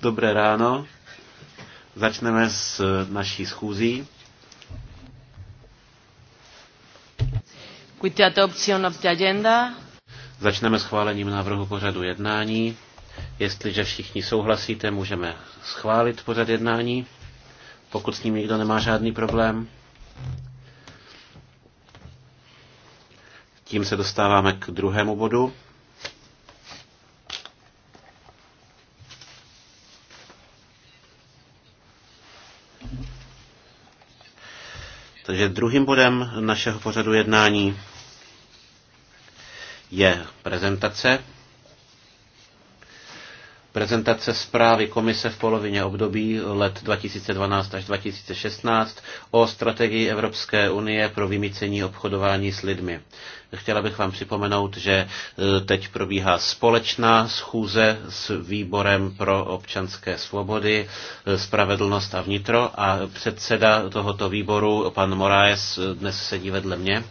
Dobré ráno. Začneme s eh, naší schůzí. Začneme schválením návrhu pořadu jednání. Jestliže všichni souhlasíte, můžeme schválit pořad jednání, pokud s ním nikdo nemá žádný problém. Tím se dostáváme k druhému bodu. Takže druhým bodem našeho pořadu jednání je prezentace Prezentace zprávy Komise v polovině období let 2012 až 2016 o strategii Evropské unie pro vymícení obchodování s lidmi. Chtěla bych vám připomenout, že e, teď probíhá společná schůze s výborem pro občanské svobody, e, spravedlnost a vnitro a předseda tohoto výboru, pan Moraes, e, dnes sedí vedle mě.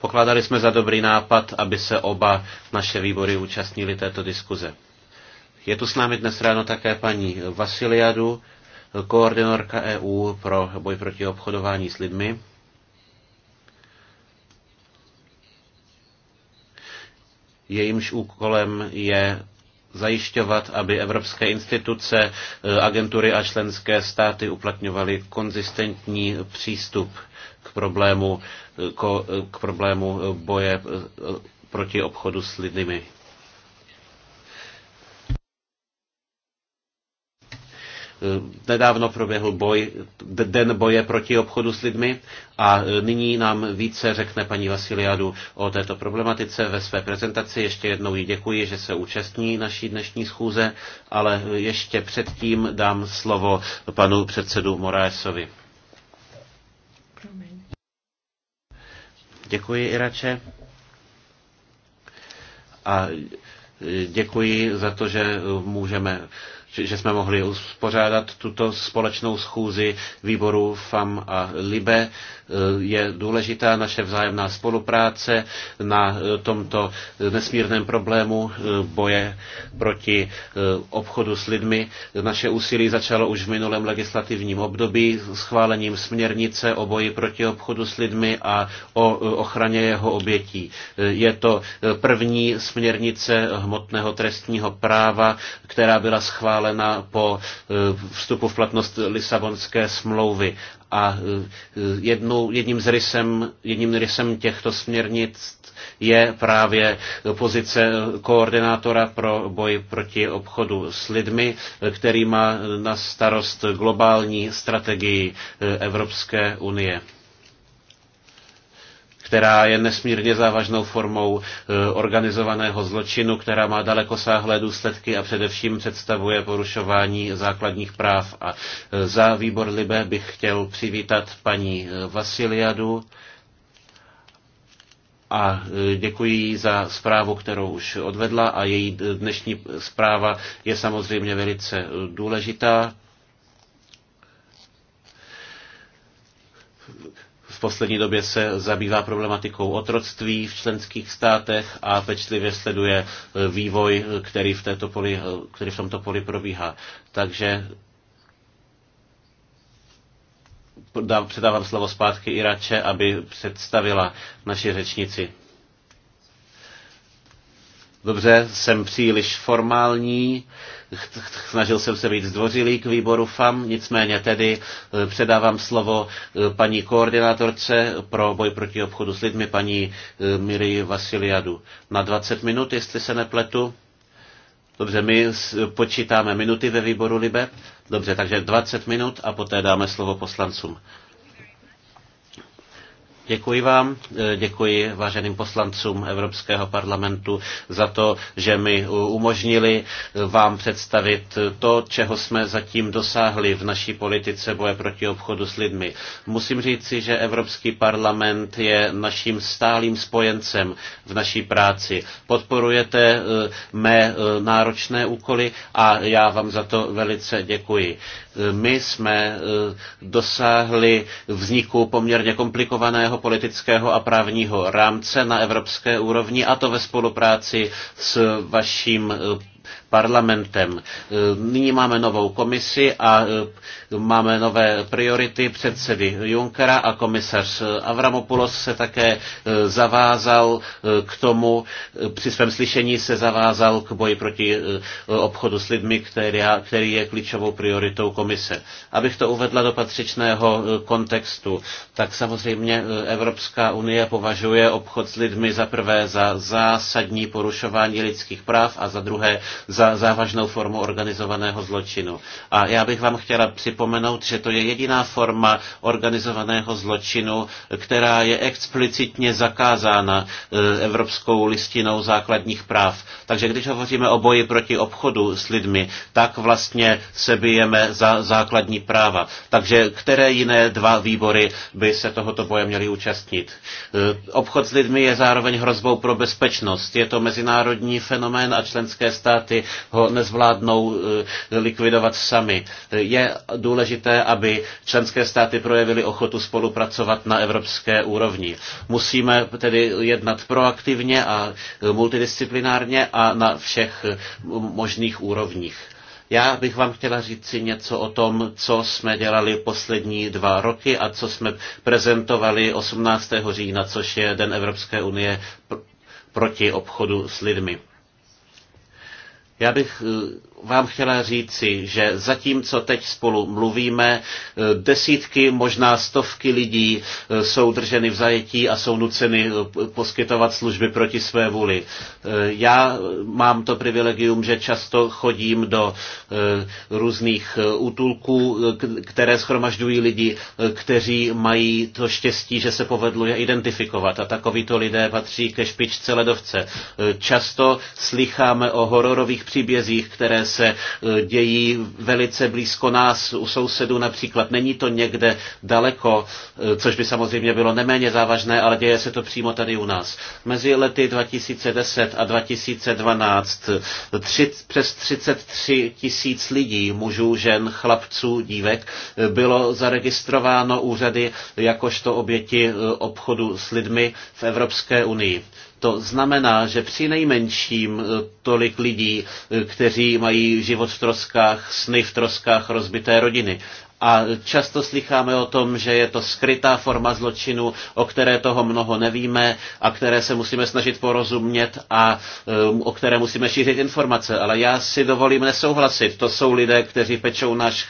Pokládali jsme za dobrý nápad, aby se oba naše výbory účastnili této diskuze. Je tu s námi dnes ráno také paní Vasiliadu, koordinorka EU pro boj proti obchodování s lidmi. Jejímž úkolem je zajišťovat, aby evropské instituce, eh, agentury a členské státy uplatňovaly konzistentní přístup k problému, k problému boje eh, proti obchodu s lidmi. Eh, nedávno proběhl boj, den boje proti obchodu s lidmi a eh, nyní nám více řekne paní Vasiliadu o této problematice ve své prezentaci. Ještě jednou jí děkuji, že se účastní naší dnešní schůze, ale ještě předtím dám slovo panu předsedu Moraesovi. Děkuji, Irače. A e, děkuji za to, že můžeme že jsme mohli uspořádat tuto společnou schůzi výboru FAM a LIBE. E, je důležitá naše vzájemná spolupráce na e, tomto nesmírném problému e, boje proti obchodu s lidmi. Naše úsilí začalo už v minulém legislativním období schválením směrnice o boji proti obchodu s lidmi a o ochraně jeho obětí. Je to první směrnice hmotného trestního práva, která byla schválena schválena po eh, vstupu v platnost Lisabonské smlouvy. A eh, jednu, jedním, z rysem, jedním rysem těchto směrnic je právě pozice koordinátora pro boj proti obchodu s lidmi, eh, který má na starost globální strategii Evropské unie která je nesmírně závažnou formou eh, organizovaného zločinu, která má dalekosáhlé důsledky a především představuje porušování základních práv. A eh, za výbor Libe bych chtěl přivítat paní eh, Vasiliadu a děkuji za zprávu, kterou už odvedla a její dnešní zpráva je samozřejmě velice důležitá. v poslední době se zabývá problematikou otroctví v členských státech a pečlivě sleduje eh, vývoj, eh, který v, této poli, eh, který v tomto poli probíhá. Takže dám, předávám slovo zpátky Irače, aby představila naši řečnici. Dobře, jsem příliš formální, snažil jsem se být zdvořilý k výboru FAM, nicméně tedy eh, předávám slovo eh, paní koordinátorce pro boj proti obchodu s lidmi, paní eh, Miri Vasiliadu. Na 20 minut, jestli se nepletu. Dobře, my počítáme minuty ve výboru Libe. Dobře, takže 20 minut a poté dáme slovo poslancům. Děkuji vám, e, děkuji váženým poslancům Evropského parlamentu za to, že mi umožnili e, vám představit to, čeho jsme zatím dosáhli v naší politice boje proti obchodu s lidmi. Musím říci, že Evropský parlament je naším stálým spojencem v naší práci. Podporujete e, mé náročné úkoly a já vám za to velice děkuji. My jsme dosáhli vzniku poměrně komplikovaného politického a právního rámce na evropské úrovni a to ve spolupráci s vaším eh, parlamentem. E, nyní máme novou komisi a e, máme nové priority předsedy Junckera a komisař Avramopoulos se také e, zavázal k tomu, při svém slyšení se zavázal k boji proti obchodu s lidmi, který je klíčovou prioritou komise. Abych to uvedla do patřičného kontextu, tak samozřejmě Evropská unie považuje obchod s lidmi za prvé za zásadní porušování lidských práv a za druhé za závažnou formu organizovaného zločinu. A já bych vám chtěla připomenout, že to je jediná forma organizovaného zločinu, která je explicitně zakázána e, Evropskou listinou základních práv. Takže když hovoříme o boji proti obchodu s lidmi, tak vlastně se bijeme za základní práva. Takže které jiné dva výbory by se tohoto boje měly účastnit? E, obchod s lidmi je zároveň hrozbou pro bezpečnost. Je to mezinárodní fenomén a členské státy ho nezvládnou eh, likvidovat sami. Je důležité, aby členské státy projevily ochotu spolupracovat na evropské úrovni. Musíme tedy jednat proaktivně a eh, multidisciplinárně a na všech eh, možných úrovních. Já bych vám chtěla říct si něco o tom, co jsme dělali poslední dva roky a co jsme prezentovali 18. října, což je Den Evropské unie proti obchodu s lidmi. Já bych eh, vám chtěla říci, že zatímco teď spolu mluvíme, eh, desítky, možná stovky lidí eh, jsou drženy v zajetí a jsou nuceny eh, poskytovat služby proti své vůli. Já mám to privilegium, že často chodím do různých útulků, které schromažďují lidi, kteří mají to štěstí, že se povedlo je identifikovat. A takovýto lidé patří ke špičce ledovce. Často slycháme o hororových příbězích, které se eh, dějí velice blízko nás, u sousedů například. Není to někde daleko, eh, což by samozřejmě bylo neméně závažné, ale děje se to přímo tady u nás. Mezi lety 2010 a 2012 eh, tři, přes 33 tisíc lidí, mužů, žen, chlapců, dívek, bylo zaregistrováno úřady jakožto oběti obchodu s lidmi v Evropské unii. To znamená, že při nejmenším eh, tolik lidí, eh, kteří mají život v troskách, sny v troskách, rozbité rodiny. A často slycháme o tom, že je to skrytá forma zločinu, o které toho mnoho nevíme a které se musíme snažit porozumět a um, o které musíme šířit informace. Ale já si dovolím nesouhlasit. To jsou lidé, kteří pečou náš,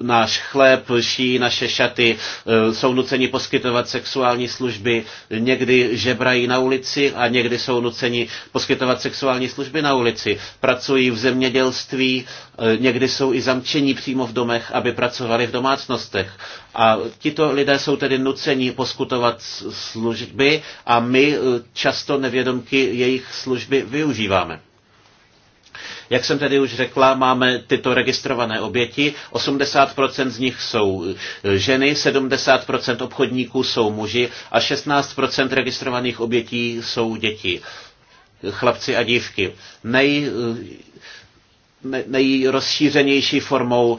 náš chléb, ší naše šaty, e, jsou nuceni poskytovat sexuální služby, někdy žebrají na ulici a někdy jsou nuceni poskytovat sexuální služby na ulici. Pracují v zemědělství, e, někdy jsou i zamčení přímo v domech, aby pracovali v domácnostech. A tito lidé jsou tedy nuceni poskytovat služby a my e, často nevědomky jejich služby využíváme. Jak jsem tedy už řekla, máme tyto registrované oběti, 80% z nich jsou e, ženy, 70% obchodníků jsou muži a 16% registrovaných obětí jsou děti, chlapci a dívky. Nej, e, nejrozšířenější formou e,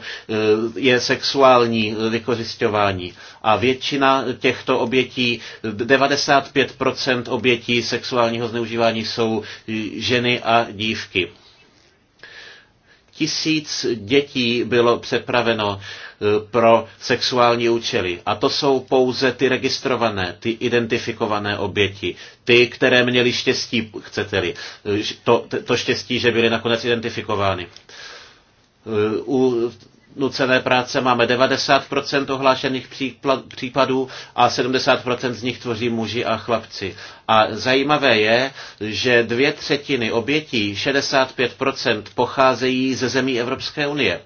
je sexuální vykořišťování. A většina těchto obětí, 95% obětí sexuálního zneužívání jsou ženy a dívky tisíc dětí bylo přepraveno e, pro sexuální účely. A to jsou pouze ty registrované, ty identifikované oběti. Ty, které měly štěstí, chcete-li. E, to, to štěstí, že byly nakonec identifikovány. E, u nucené práce máme 90% ohlášených případů a 70% z nich tvoří muži a chlapci. A zajímavé je, že dvě třetiny obětí, 65%, pocházejí ze zemí Evropské unie.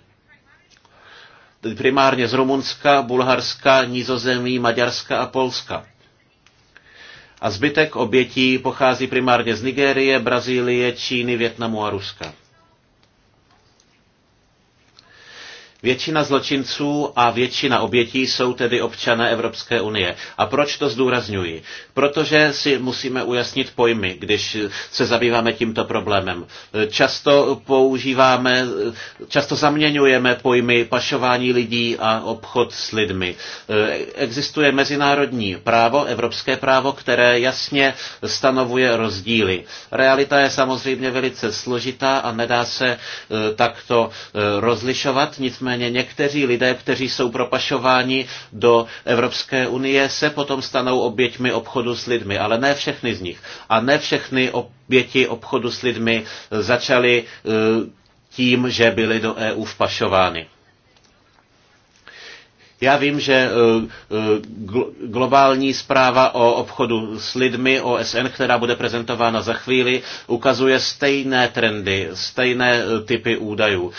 Primárně z Rumunska, Bulharska, Nizozemí, Maďarska a Polska. A zbytek obětí pochází primárně z Nigérie, Brazílie, Číny, Větnamu a Ruska. Většina zločinců a většina obětí jsou tedy občané Evropské unie. A proč to zdůrazňuji? Protože si musíme ujasnit pojmy, když se zabýváme tímto problémem. Často používáme, často zaměňujeme pojmy pašování lidí a obchod s lidmi. Existuje mezinárodní právo, evropské právo, které jasně stanovuje rozdíly. Realita je samozřejmě velice složitá a nedá se eh, takto eh, rozlišovat, nicméně Nicméně někteří lidé, kteří jsou propašováni do Evropské unie, se potom stanou oběťmi obchodu s lidmi, ale ne všechny z nich. A ne všechny oběti obchodu s lidmi začaly eh, tím, že byly do EU vpašovány. Já vím, že eh, eh, globální zpráva o obchodu s lidmi OSN, která bude prezentována za chvíli, ukazuje stejné trendy, stejné eh, typy údajů,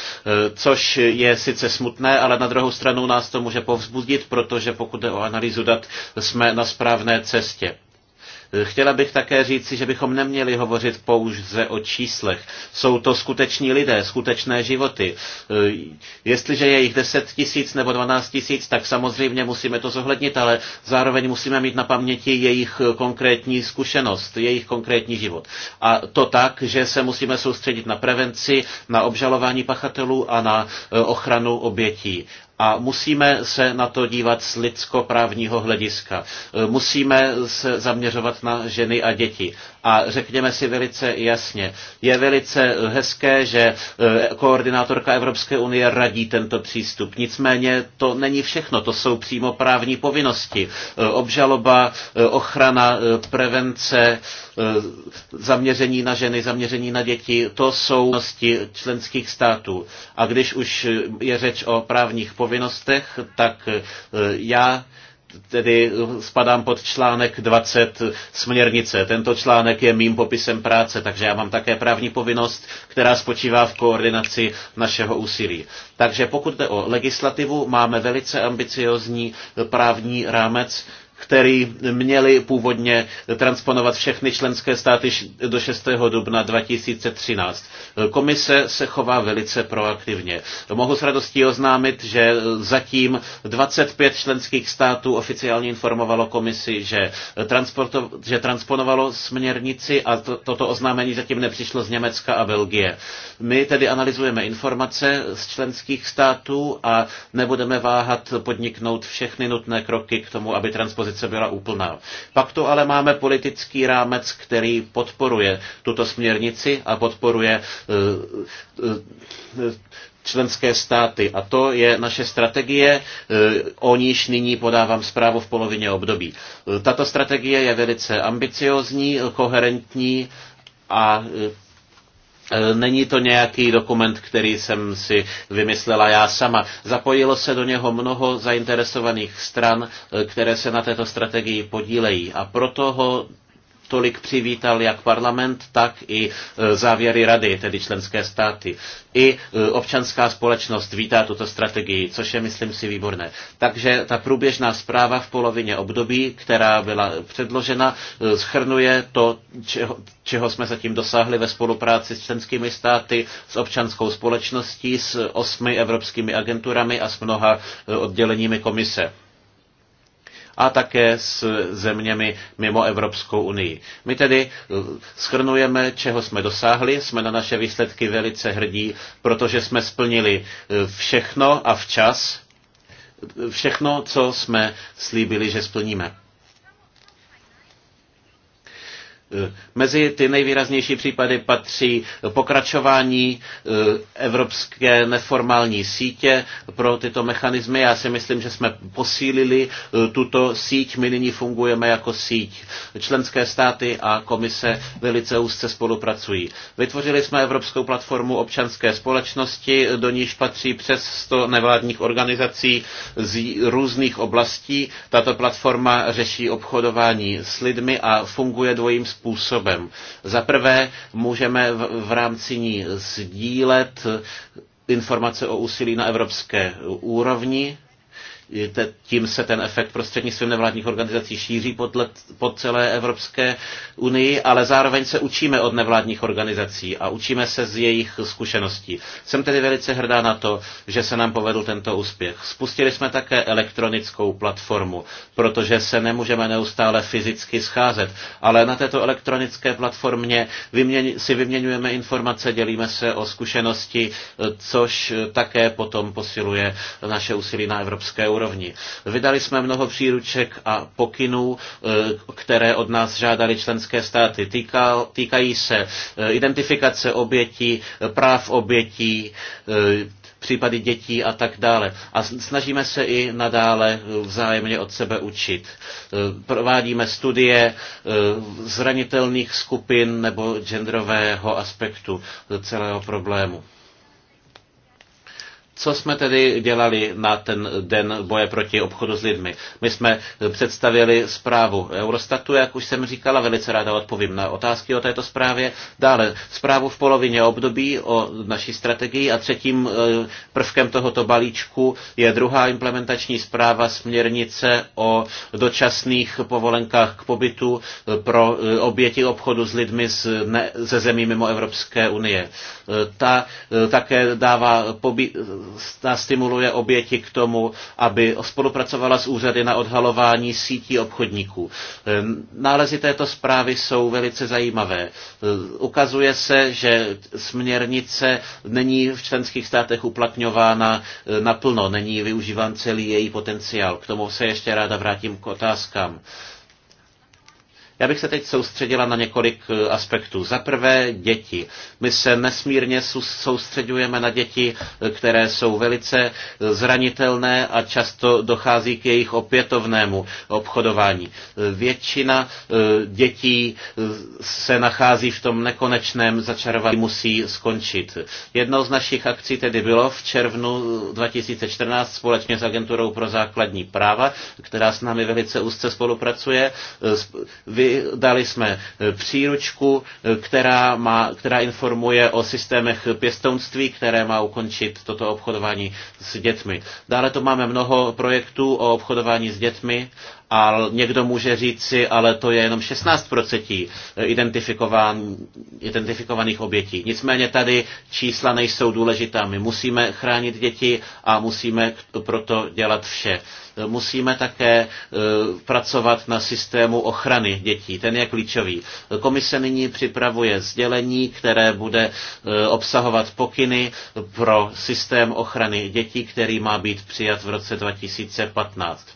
což je sice smutné, ale na druhou stranu nás to může povzbudit, protože pokud jde o analýzu dat, jsme na správné cestě. Chtěla bych také říci, že bychom neměli hovořit pouze o číslech. Jsou to skuteční lidé, skutečné životy. E, jestliže je jich 10 tisíc nebo 12 tisíc, tak samozřejmě musíme to zohlednit, ale zároveň musíme mít na paměti jejich konkrétní zkušenost, jejich konkrétní život. A to tak, že se musíme soustředit na prevenci, na obžalování pachatelů a na e, ochranu obětí a musíme se na to dívat z lidskoprávního hlediska. E, musíme se zaměřovat na ženy a děti. A řekněme si velice jasně, je velice hezké, že eh, koordinátorka Evropské unie radí tento přístup. Nicméně to není všechno, to jsou přímo právní povinnosti. Eh, obžaloba, eh, ochrana, prevence, zaměření na ženy, zaměření na děti, to jsou povinnosti členských států. A když už je řeč o právních povinnostech, tak já tedy spadám pod článek 20 směrnice. Tento článek je mým popisem práce, takže já mám také právní povinnost, která spočívá v koordinaci našeho úsilí. Takže pokud jde o legislativu, máme velice ambiciozní právní rámec, který měli původně transponovat všechny členské státy do 6. dubna 2013. Komise se chová velice proaktivně. Mohu s radostí oznámit, že zatím 25 členských států oficiálně informovalo komisi, že, že transponovalo směrnici a to, toto oznámení zatím nepřišlo z Německa a Belgie. My tedy analyzujeme informace z členských států a nebudeme váhat podniknout všechny nutné kroky k tomu, aby transponovalo opozice byla úplná. Pak tu ale máme politický rámec, který podporuje tuto směrnici a podporuje e, e, e, členské státy. A to je naše strategie, o níž nyní podávám zprávu v polovině období. Tato strategie je velice ambiciozní, koherentní a E, není to nějaký dokument, který jsem si vymyslela já sama. Zapojilo se do něho mnoho zainteresovaných stran, e, které se na této strategii podílejí. A proto ho tolik přivítal jak parlament, tak i e, závěry rady, tedy členské státy. I e, občanská společnost vítá tuto strategii, což je, myslím si, výborné. Takže ta průběžná zpráva v polovině období, která byla předložena, e, schrnuje to, čeho, čeho jsme zatím dosáhli ve spolupráci s členskými státy, s občanskou společností, s osmi evropskými agenturami a s mnoha odděleními komise a také s zeměmi mimo Evropskou unii. My tedy eh, schrnujeme, čeho jsme dosáhli, jsme na naše výsledky velice hrdí, protože jsme splnili eh, všechno a včas, eh, všechno, co jsme slíbili, že splníme. Eh, mezi ty nejvýraznější případy patří pokračování eh, evropské neformální sítě pro tyto mechanismy. Já si myslím, že jsme posílili eh, tuto síť. My nyní fungujeme jako síť. Členské státy a komise velice úzce spolupracují. Vytvořili jsme Evropskou platformu občanské společnosti, do níž patří přes 100 nevládních organizací z různých oblastí. Tato platforma řeší obchodování s lidmi a funguje dvojím způsobem způsobem. Za prvé můžeme v rámci ní sdílet informace o úsilí na evropské úrovni, tím se ten efekt prostřednictvím nevládních organizací šíří pod pod celé Evropské unii, ale zároveň se učíme od nevládních organizací a učíme se z jejich zkušeností. Jsem tedy velice hrdá na to, že se nám povedl tento úspěch. Spustili jsme také elektronickou platformu, protože se nemůžeme neustále fyzicky scházet, ale na této elektronické platformě vyměň, si vyměňujeme informace, dělíme se o zkušenosti, což také potom posiluje naše úsilí na Evropské unii úrovni. Vydali jsme mnoho příruček a pokynů, e, které od nás žádali členské státy. Týkal, týkají se e, identifikace obětí, e, práv obětí, případy dětí a tak dále. A snažíme se i nadále vzájemně od sebe učit. Provádíme studie zranitelných skupin nebo genderového aspektu celého problému. Co jsme tedy dělali na ten den boje proti obchodu s lidmi? My jsme představili zprávu Eurostatu, jak už jsem říkala, velice ráda odpovím na otázky o této zprávě. Dále zprávu v polovině období o naší strategii a třetím eh, prvkem tohoto balíčku je druhá implementační zpráva směrnice o dočasných povolenkách k pobytu eh, pro eh, oběti obchodu s lidmi z, ne, ze zemí mimo Evropské unie. Ta také dává pobyt stimuluje oběti k tomu, aby spolupracovala s úřady na odhalování sítí obchodníků. Ehm, nálezy této zprávy jsou velice zajímavé. Ehm, ukazuje se, že směrnice není v členských státech uplatňována ehm, naplno, není využíván celý její potenciál. K tomu se ještě ráda vrátím k otázkám. Já bych se teď soustředila na několik eh, aspektů. Za prvé děti. My se nesmírně soustředujeme na děti, eh, které jsou velice eh, zranitelné a často dochází k jejich opětovnému obchodování. Většina dětí se nachází v tom nekonečném začarování, musí skončit. Jednou z našich akcí tedy bylo v červnu 2014 společně s Agenturou pro základní práva, která s námi velice úzce spolupracuje, vy Vydali jsme eh, příručku, eh, která, má, která informuje o systémech pěstounství, které má ukončit toto obchodování s dětmi. Dále to máme mnoho projektů o obchodování s dětmi a někdo může říci, ale to je jenom 16% identifikovaných obětí. Nicméně tady čísla nejsou důležitá. My musíme chránit děti a musíme proto dělat vše. Musíme také e, pracovat na systému ochrany dětí. Ten je klíčový. Komise nyní připravuje sdělení, které bude e, obsahovat pokyny pro systém ochrany dětí, který má být přijat v roce 2015.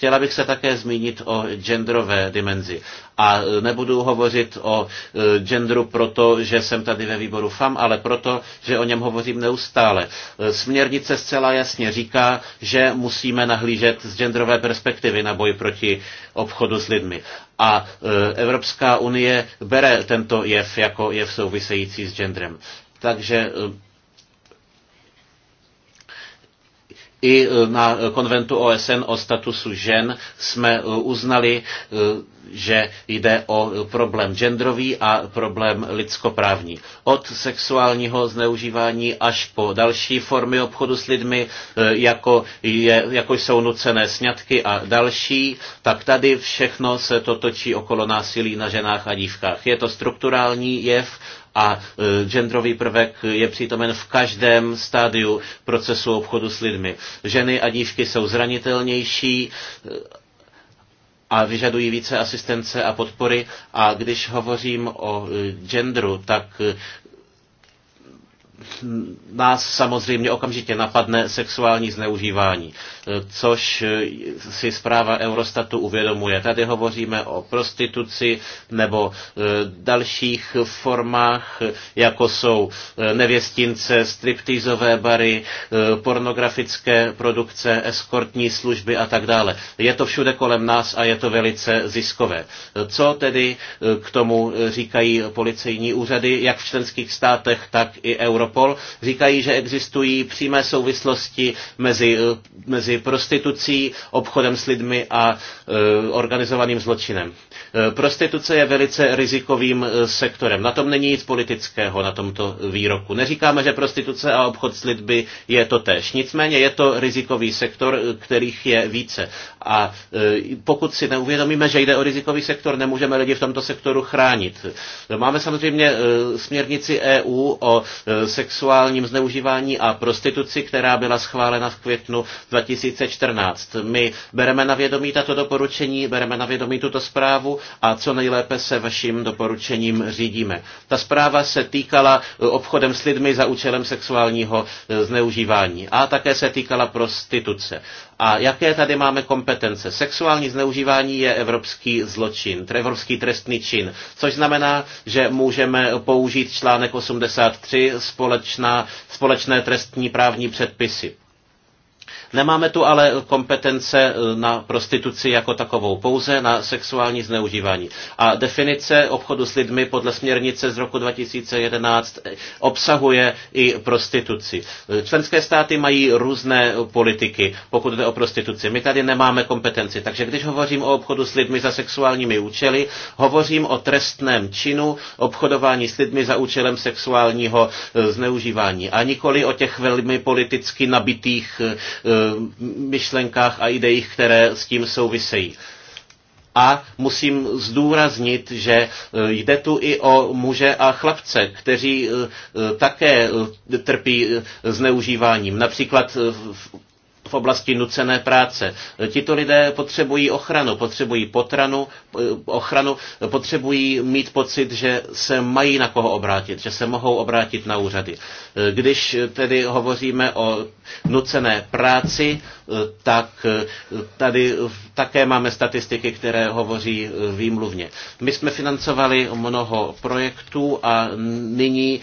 Chtěla bych se také zmínit o genderové dimenzi. A e, nebudu hovořit o e, genderu proto, že jsem tady ve výboru FAM, ale proto, že o něm hovořím neustále. E, směrnice zcela jasně říká, že musíme nahlížet z genderové perspektivy na boj proti obchodu s lidmi. A Evropská unie bere tento jev jako jev související s genderem. Takže i e, na konventu OSN o statusu žen jsme e, uznali, e, že jde o problém genderový a problém lidskoprávní. Od sexuálního zneužívání až po další formy obchodu s lidmi, jako, je, jako jsou nucené sňatky a další, tak tady všechno se to točí okolo násilí na ženách a dívkách. Je to strukturální jev, a e, genderový prvek je přítomen v každém stádiu procesu obchodu s lidmi. Ženy a dívky jsou zranitelnější e, a vyžadují více asistence a podpory. A když hovořím o e, genderu, tak nás samozřejmě okamžitě napadne sexuální zneužívání, což si zpráva Eurostatu uvědomuje. Tady hovoříme o prostituci nebo e, dalších formách, jako jsou e, nevěstince, striptýzové bary, e, pornografické produkce, eskortní služby a tak dále. Je to všude kolem nás a je to velice ziskové. Co tedy k tomu říkají policejní úřady, jak v členských státech, tak i Europol? Interpol, říkají, že existují přímé souvislosti mezi, eh, mezi prostitucí, obchodem s lidmi a eh, organizovaným zločinem. Eh, prostituce je velice rizikovým eh, sektorem. Na tom není nic politického, na tomto výroku. Neříkáme, že prostituce a obchod s lidmi je to tež. Nicméně je to rizikový sektor, eh, kterých je více. A pokud si neuvědomíme, že jde o rizikový sektor, nemůžeme lidi v tomto sektoru chránit. Máme samozřejmě směrnici EU o sexuálním zneužívání a prostituci, která byla schválena v květnu 2014. My bereme na vědomí tato doporučení, bereme na vědomí tuto zprávu zprávu a co nejlépe se vaším doporučením řídíme. Ta zpráva se týkala eh, obchodem s lidmi za účelem sexuálního eh, zneužívání a také se týkala prostituce. A jaké tady máme kompetence? Sexuální zneužívání je evropský zločin, evropský trestný čin, což znamená, že můžeme použít článek 83 společná, společné trestní právní předpisy. Nemáme tu ale kompetence eh, na prostituci jako takovou, pouze na sexuální zneužívání. A definice obchodu s lidmi podle směrnice z roku 2011 eh, obsahuje i prostituci. Eh, členské státy mají různé politiky, pokud jde o prostituci. My tady nemáme kompetenci, takže když hovořím o obchodu s lidmi za sexuálními účely, hovořím o trestném činu obchodování s lidmi za účelem sexuálního zneužívání a nikoli o těch velmi politicky nabitých myšlenkách a ideích, které s tím souvisejí. A musím zdůraznit, že e, jde tu i o muže a chlapce, kteří e, e, také trpí zneužíváním. Například v oblasti nucené práce. Tito lidé potřebují ochranu, potřebují potranu, eh, ochranu, potřebují mít pocit, že se mají na koho obrátit, že se mohou obrátit na úřady. Eh, když tedy hovoříme o nucené práci, eh, tak tady také máme statistiky, které hovoří výmluvně. My jsme financovali mnoho projektů a nyní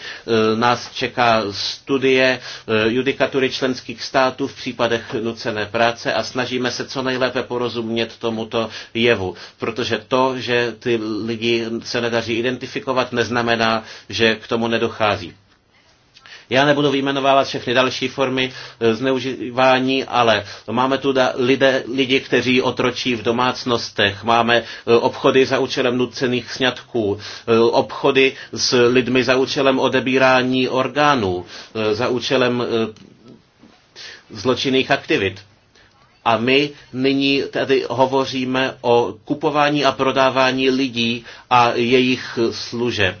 nás čeká studie judikatury členských států v případech nucené práce a snažíme se co nejlépe porozumět tomuto jevu, protože to, že ty lidi se nedaří identifikovat, neznamená, že k tomu nedochází. Já nebudu vyjmenovávat všechny další formy e, zneužívání, ale máme tu lidé, lidi, kteří otročí v domácnostech, máme e, obchody za účelem nucených sňatků, e, obchody s lidmi za účelem odebírání orgánů, za účelem zločinných aktivit. A my nyní tedy hovoříme o kupování a prodávání lidí a jejich služeb.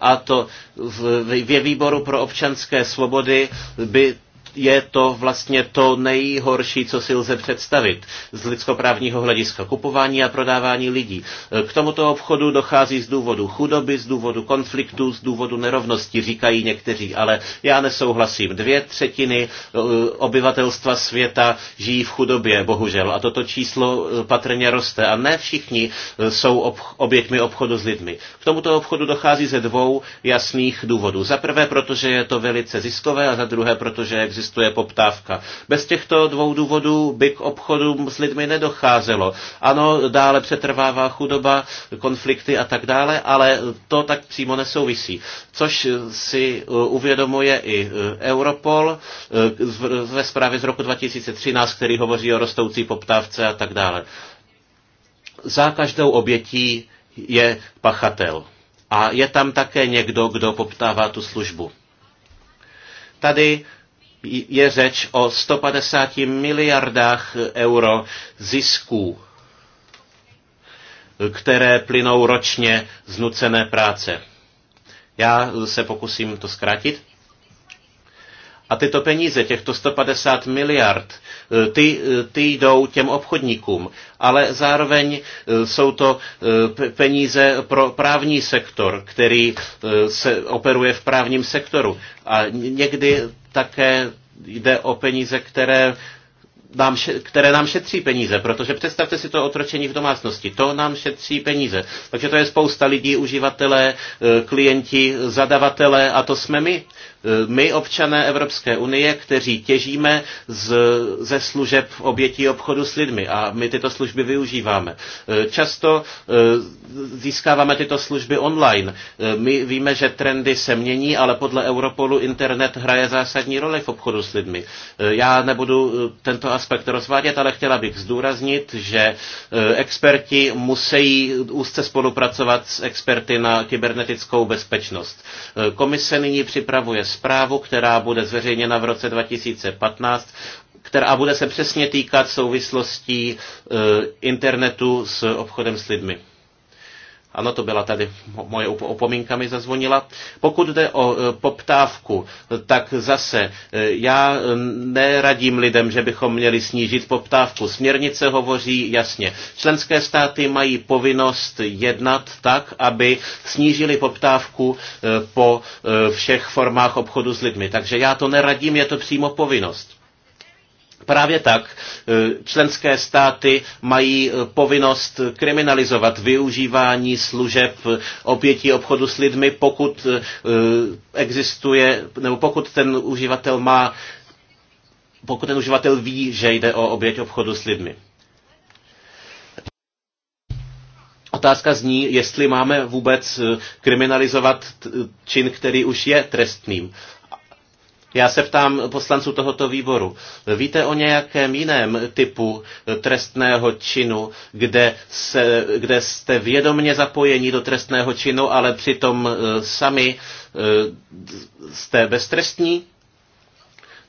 A to ve výboru pro občanské svobody by je to vlastně to nejhorší, co si lze představit z lidskoprávního hlediska kupování a prodávání lidí. K tomuto obchodu dochází z důvodu chudoby, z důvodu konfliktů, z důvodu nerovnosti, říkají někteří, ale já nesouhlasím. Dvě třetiny eh, obyvatelstva světa žijí v chudobě, bohužel, a toto číslo eh, patrně roste a ne všichni eh, jsou ob- oběťmi obchodu s lidmi. K tomuto obchodu dochází ze dvou jasných důvodů. Za prvé, protože je to velice ziskové a za druhé, protože existuje existuje poptávka. Bez těchto dvou důvodů by k obchodům s lidmi nedocházelo. Ano, dále přetrvává chudoba, konflikty a tak dále, ale to tak přímo nesouvisí. Což si uh, uvědomuje i uh, Europol uh, ve zprávě z roku 2013, který hovoří o rostoucí poptávce a tak dále. Za každou obětí je pachatel. A je tam také někdo, kdo poptává tu službu. Tady je řeč o 150 miliardách euro zisků, které plynou ročně z nucené práce. Já se pokusím to zkrátit. A tyto peníze, těchto 150 miliard, ty, ty jdou těm obchodníkům, ale zároveň e, jsou to e, peníze pro právní sektor, který e, se operuje v právním sektoru. A někdy také jde o peníze, které nám, které nám šetří peníze, protože představte si to otročení v domácnosti, to nám šetří peníze. Takže to je spousta lidí, uživatelé, eh, klienti, zadavatelé a to jsme my. Eh, my, občané Evropské unie, kteří těžíme z, ze služeb obětí obchodu s lidmi a my tyto služby využíváme. Eh, často eh, získáváme tyto služby online. My víme, že trendy se mění, ale podle Europolu internet hraje zásadní roli v obchodu s lidmi. Já nebudu tento aspekt rozvádět, ale chtěla bych zdůraznit, že experti musí úzce spolupracovat s experty na kybernetickou bezpečnost. Komise nyní připravuje zprávu, která bude zveřejněna v roce 2015, která bude se přesně týkat souvislostí eh, internetu s obchodem s lidmi. Ano, to byla tady moje opomínka mi zazvonila. Pokud jde o e, poptávku, tak zase e, já neradím lidem, že bychom měli snížit poptávku. Směrnice hovoří jasně. Členské státy mají povinnost jednat tak, aby snížili poptávku e, po všech formách obchodu s lidmi. Takže já to neradím, je to přímo povinnost. Právě tak e, členské státy mají e, povinnost kriminalizovat využívání služeb obětí obchodu s lidmi, pokud e, existuje, nebo pokud ten uživatel má, pokud ten uživatel ví, že jde o oběť obchodu s lidmi. Otázka zní, jestli máme vůbec kriminalizovat čin, který už je trestným. Já se ptám poslanců tohoto výboru. Víte o nějakém jiném typu trestného činu, kde, se, kde jste vědomně zapojeni do trestného činu, ale přitom e, sami e, jste beztrestní?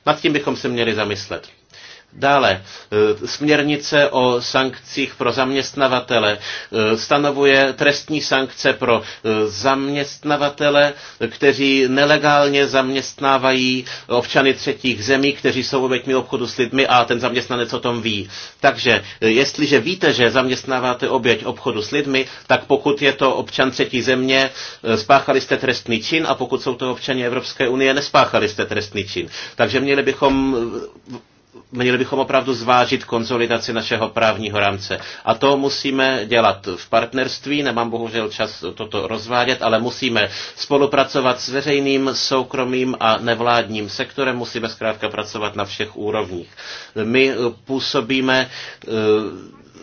Nad tím bychom se měli zamyslet. Dále, e, směrnice o sankcích pro zaměstnavatele e, stanovuje trestní sankce pro e, zaměstnavatele, kteří nelegálně zaměstnávají občany třetích zemí, kteří jsou oběťmi obchodu s lidmi a ten zaměstnanec o tom ví. Takže jestliže víte, že zaměstnáváte oběť obchodu s lidmi, tak pokud je to občan třetí země, spáchali jste trestný čin a pokud jsou to občani Evropské unie, nespáchali jste trestný čin. Takže měli bychom měli bychom opravdu zvážit konsolidaci našeho právního rámce. A to musíme dělat v partnerství, nemám bohužel čas toto rozvádět, ale musíme spolupracovat s veřejným, soukromým a nevládním sektorem, musíme zkrátka pracovat na všech úrovních. My působíme eh,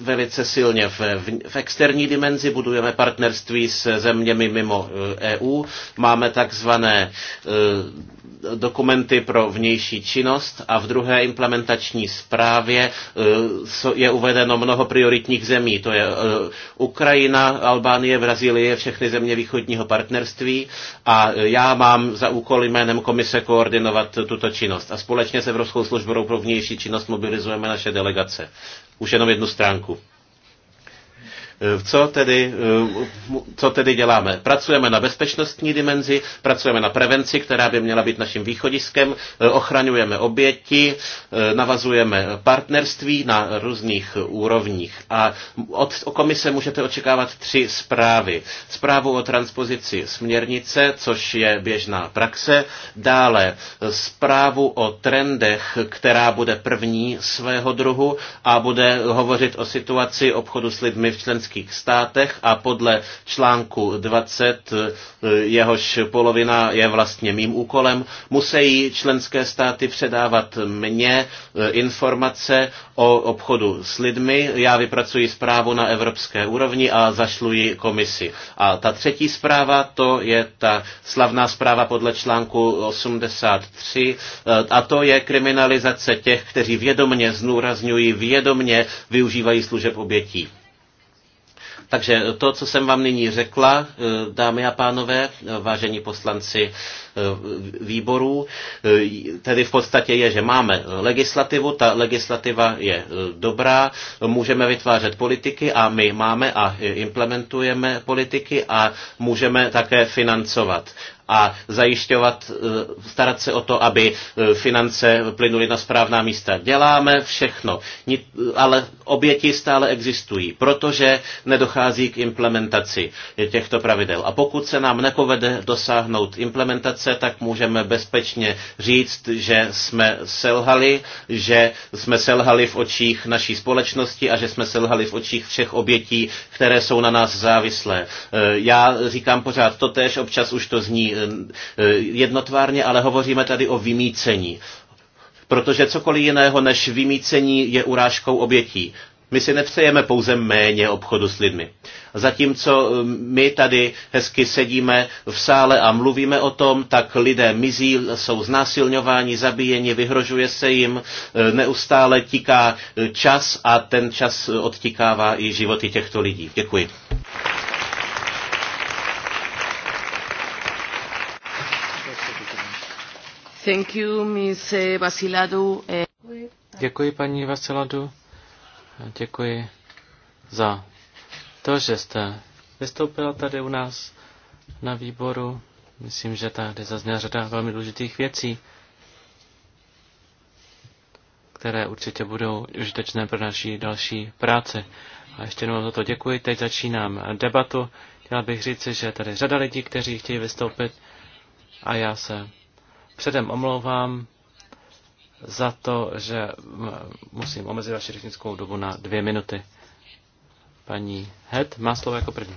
velice silně v, v externí dimenzi, budujeme partnerství s zeměmi mimo EU, eh, e máme takzvané eh, dokumenty pro vnější činnost a v druhé implementační zprávě eh, je uvedeno mnoho prioritních zemí. To je Ukrajina, Albánie, Brazílie, všechny země východního partnerství a já mám za úkol jménem komise koordinovat tuto činnost a společně s Evropskou službou pro vnější činnost mobilizujeme naše delegace už jenom jednu stránku. Eh, co tedy, eh, co tedy děláme? Pracujeme na bezpečnostní dimenzi, pracujeme na prevenci, která by měla být naším východiskem, eh, ochraňujeme oběti, navazujeme partnerství na různých úrovních. A od komise můžete očekávat tři zprávy. Zprávu o transpozici směrnice, což je běžná praxe, dále zprávu o trendech, která bude první svého druhu a bude hovořit o situaci obchodu s lidmi v členských členských státech a podle článku 20, eh, jehož polovina je vlastně mým úkolem, musí členské státy předávat mně eh, informace o obchodu s lidmi. Já vypracuji zprávu na evropské úrovni a zašlu ji komisi. A ta třetí zpráva, to je ta slavná zpráva podle článku 83, eh, a to je kriminalizace těch, kteří vědomně, znůrazňují vědomně, využívají služeb obětí. Takže to, co jsem vám nyní řekla, eh, dámy a pánové, vážení poslanci eh, výborů, eh, tedy v podstatě je, že máme legislativu, ta legislativa je dobrá, můžeme vytvářet politiky a my máme a implementujeme politiky a můžeme také financovat a zajišťovat, eh, starat se o to, aby eh, finance plynuly na správná místa. Děláme všechno, ale oběti stále existují, protože nedochází k implementaci těchto pravidel. A pokud se nám nepovede dosáhnout implementace, tak můžeme bezpečně říct, že jsme selhali, že jsme selhali v očích naší společnosti a že jsme selhali v očích všech obětí, které jsou na nás závislé. Eh, já říkám pořád to tež, občas už to zní Eh, jednotvárně, ale hovoříme tady o vymícení. Protože cokoliv jiného než vymícení je urážkou obětí. My si nepřejeme pouze méně obchodu s lidmi. Zatímco eh, my tady hezky sedíme v sále a mluvíme o tom, tak lidé mizí, jsou znásilňováni, zabíjeni, vyhrožuje se jim, eh, neustále tiká čas a ten čas odtikává i životy těchto lidí. Děkuji. Eh, eh. Děkuji. paní Vasiladu. Děkuji za to, že jste vystoupila tady u nás na výboru. Myslím, že tady zazněla řada velmi důležitých věcí, které určitě budou užitečné pro naší další práci. A ještě jednou za to děkuji. Teď začínám debatu. Chtěla bych říci, že je tady řada lidí, kteří chtějí vystoupit a já se předem omlouvám za to, že musím omezit vaši řečnickou dobu na dvě minuty. Paní Het má slovo jako první.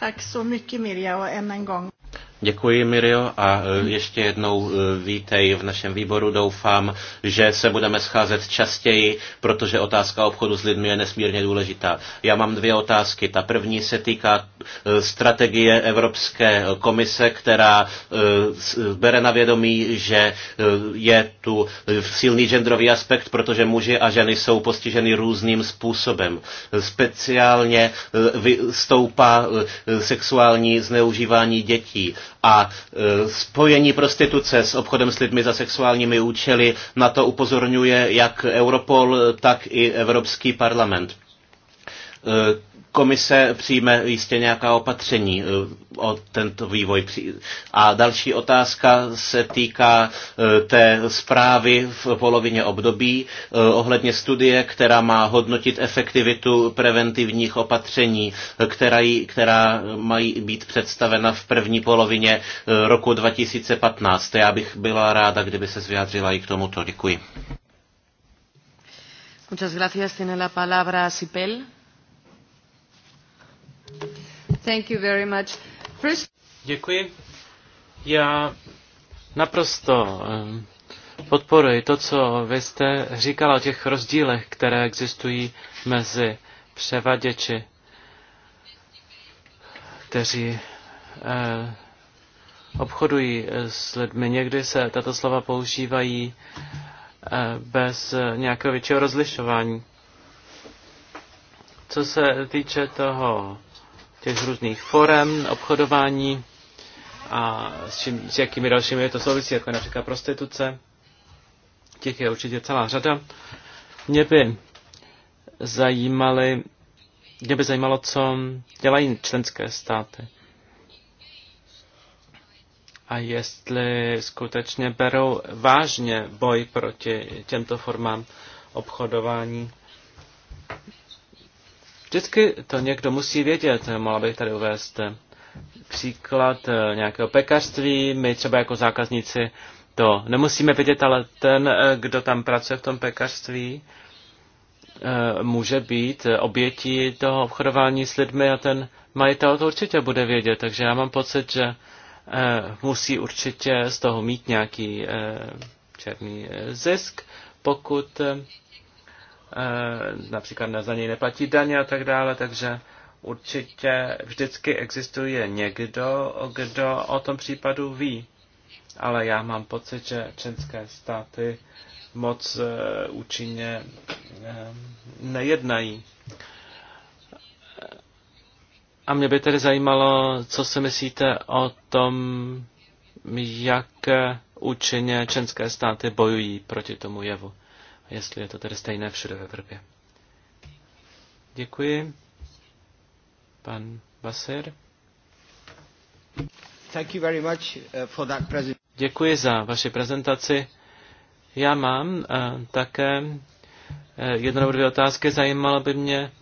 Tak so mycket Mirja och än en gång. Děkuji, Mirio, a e, ještě jednou e, vítej v našem výboru. Doufám, že se budeme scházet častěji, protože otázka obchodu s lidmi je nesmírně důležitá. Já mám dvě otázky. Ta první se týká e, strategie Evropské komise, která bere na vědomí, že je tu silný genderový aspekt, protože muži a ženy jsou postiženy různým způsobem. Speciálně stoupá sexuální zneužívání dětí a e, spojení prostituce s obchodem s lidmi za sexuálními účely na to upozorňuje jak Europol, tak i Evropský parlament e, komise přijme jistě nějaká opatření eh, o tento vývoj. A další otázka se týká eh, té zprávy v polovině období eh, ohledně studie, která má hodnotit efektivitu preventivních opatření, která, která mají být představena v první polovině roku 2015. Já bych byla ráda, kdyby se zvyjádřila i k tomuto. Děkuji. Muchas gracias. Tiene la palabra Sipel. Děkuji. Já naprosto podporuji to, co vy jste říkala o těch rozdílech, které existují mezi převaděči, kteří eh, obchodují eh, s lidmi. Někdy se tato slova používají eh, bez nějakého většího rozlišování. Co se týče toho těch různých forem obchodování a s, čím, s jakými dalšími je to souvisí, jako například prostituce. Těch je určitě celá řada. Mě by zajímaly, mě by zajímalo, co dělají členské státy. A jestli skutečně berou vážně boj proti těmto formám obchodování. Vždycky to někdo musí vědět. Mohla bych tady uvést příklad eh, nějakého pekařství. My třeba jako zákazníci to nemusíme vědět, ale ten, eh, kdo tam pracuje v tom pekařství, eh, může být obětí toho obchodování s lidmi a ten majitel to určitě bude vědět. Takže já mám pocit, že musí určitě z toho mít nějaký černý zisk, pokud Eh, například na za něj neplatí daně a tak dále, takže určitě vždycky existuje někdo, kdo o tom případu ví. Ale já mám pocit, že členské státy moc eh, účinně eh, nejednají. A mě by tedy zajímalo, co si myslíte o tom, jak účinně členské státy bojují proti tomu jevu jestli je to tedy stejné všude v Evropě. Děkuji. Pan Basir. Thank you very much uh, for that Děkuji za vaši prezentaci. Já mám uh, také uh, jednu nebo dvě otázky. Zajímalo by mě,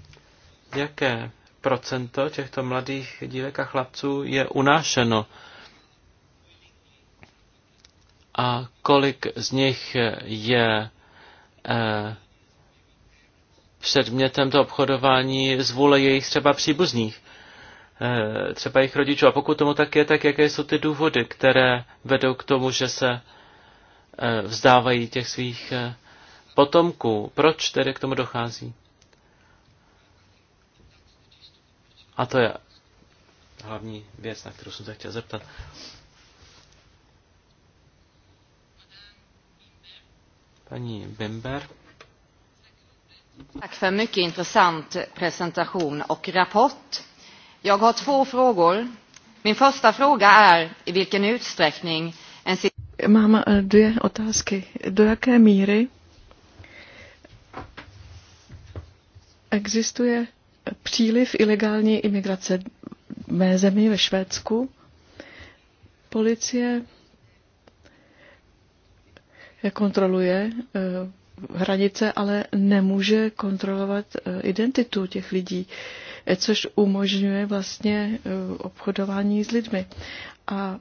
jaké procento těchto mladých dívek a chlapců je unášeno a kolik z nich je Eh, předmětem toho obchodování z vůle jejich třeba příbuzných, eh, třeba jejich rodičů. A pokud tomu tak je, tak jaké jsou ty důvody, které vedou k tomu, že se eh, vzdávají těch svých potomků? Proč tedy k tomu dochází? A to je hlavní věc, na kterou jsem se chtěl zeptat. Paní Bember. Tack för en mycket intressant presentation och rapport. Jag har två frågor. Min första fråga är i vilken utsträckning en Mám eh, dvě otázky. Do jaké míry existuje příliv ilegální imigrace v mé zemi ve Švédsku? Policie kontroluje eh, hranice, ale nemůže kontrolovat eh, identitu těch lidí, eh, což umožňuje vlastně obchodování s lidmi. A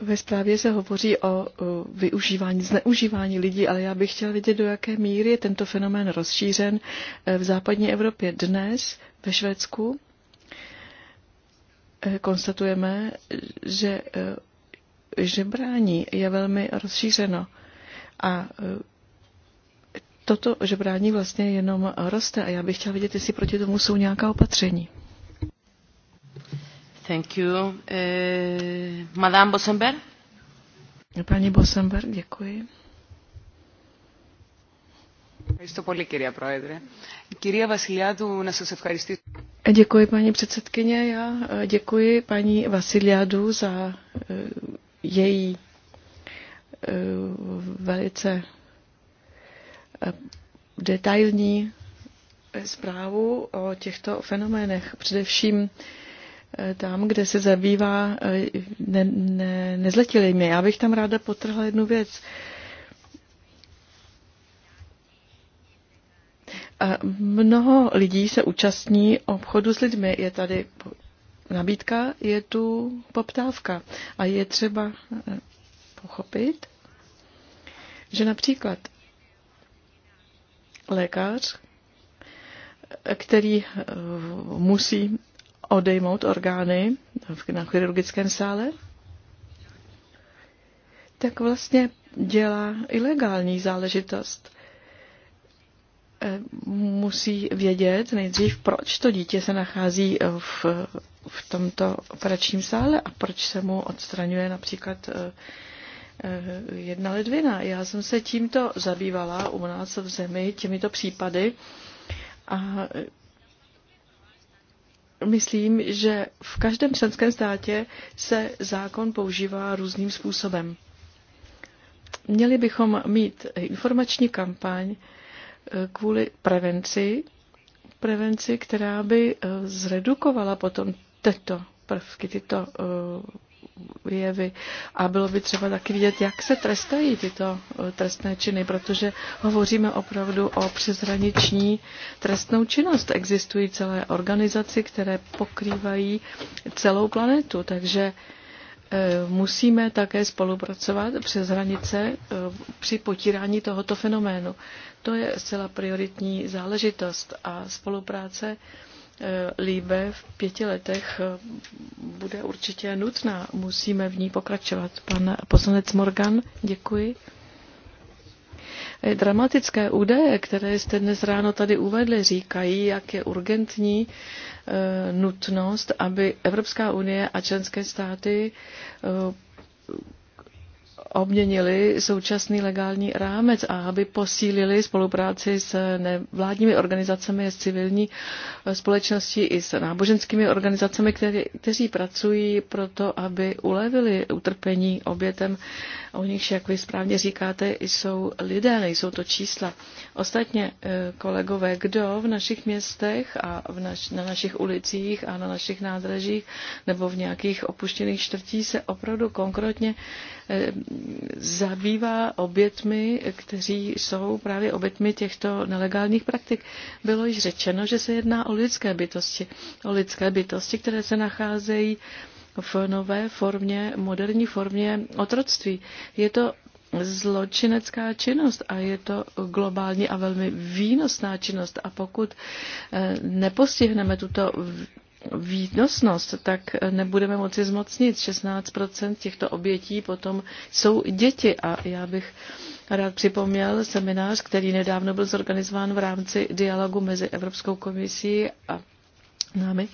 ve zprávě se hovoří o využívání, zneužívání lidí, ale já bych chtěla vidět do jaké míry je tento fenomén rozšířen v západní Evropě dnes, ve Švédsku. Konstatujeme, že žebrání je velmi rozšířeno a e, toto žebrání vlastně jenom roste a já bych chtěla vidět, jestli proti tomu jsou nějaká opatření. Thank you. Uh, Madame Bosenberg? Paní Bosenberg, děkuji. Ευχαριστώ πολύ κυρία Πρόεδρε. Κυρία Βασιλιάδου, να σας ευχαριστήσω. E, děkuji paní předsedkyně, já děkuji paní Vasiliadu za její eh, velice eh, detailní eh, zprávu o těchto fenoménech, především tam, kde se zabývá ne, ne, nezletilými. Já bych tam ráda potrhla jednu věc. Mnoho lidí se účastní obchodu s lidmi. Je tady nabídka, je tu poptávka. A je třeba eh, pochopit, že například lékař, eh, který eh, musí odejmout orgány na chirurgickém sále, tak vlastně dělá ilegální záležitost musí vědět nejdřív, proč to dítě se nachází v, v tomto operačním sále a proč se mu odstraňuje například eh, eh, jedna ledvina. Já jsem se tímto zabývala u nás v zemi, těmito případy a eh, myslím, že v každém členském státě se zákon používá různým způsobem. Měli bychom mít informační kampaň, kvůli prevenci, prevenci, která by eh, zredukovala potom tyto prvky, tyto eh, jevy. A bylo by třeba taky vidět, jak se trestají tyto eh, trestné činy, protože hovoříme opravdu o přeshraniční trestnou činnost. Existují celé organizaci, které pokrývají celou planetu, takže Eh, musíme také spolupracovat přes hranice eh, při potírání tohoto fenoménu. To je zcela prioritní záležitost a spolupráce eh, líbe v pěti letech bude určitě nutná. Musíme v ní pokračovat. Pan poslanec Morgan, děkuji. Dramatické údaje, které jste dnes ráno tady uvedli, říkají, jak je urgentní e, nutnost, aby Evropská unie a členské státy e, obměnili současný legální rámec a aby posílili spolupráci s nevládními organizacemi, s civilní eh, společností i s náboženskými organizacemi, které, kteří pracují pro to, aby ulevili utrpení obětem. O nichž, jak vy správně říkáte, jsou lidé, nejsou to čísla. Ostatně, eh, kolegové, kdo v našich městech a v naš, na našich ulicích a na našich nádražích nebo v nějakých opuštěných čtvrtích se opravdu konkrétně eh, zabývá obětmi, kteří jsou právě obětmi těchto nelegálních praktik. Bylo již řečeno, že se jedná o lidské bytosti, o lidské bytosti, které se nacházejí v nové formě, moderní formě otroctví. Je to zločinecká činnost a je to globální a velmi výnosná činnost. A pokud eh, nepostihneme tuto výnosnost, tak nebudeme moci zmocnit. 16% těchto obětí potom jsou děti a já bych rád připomněl seminář, který nedávno byl zorganizován v rámci dialogu mezi Evropskou komisí a námi,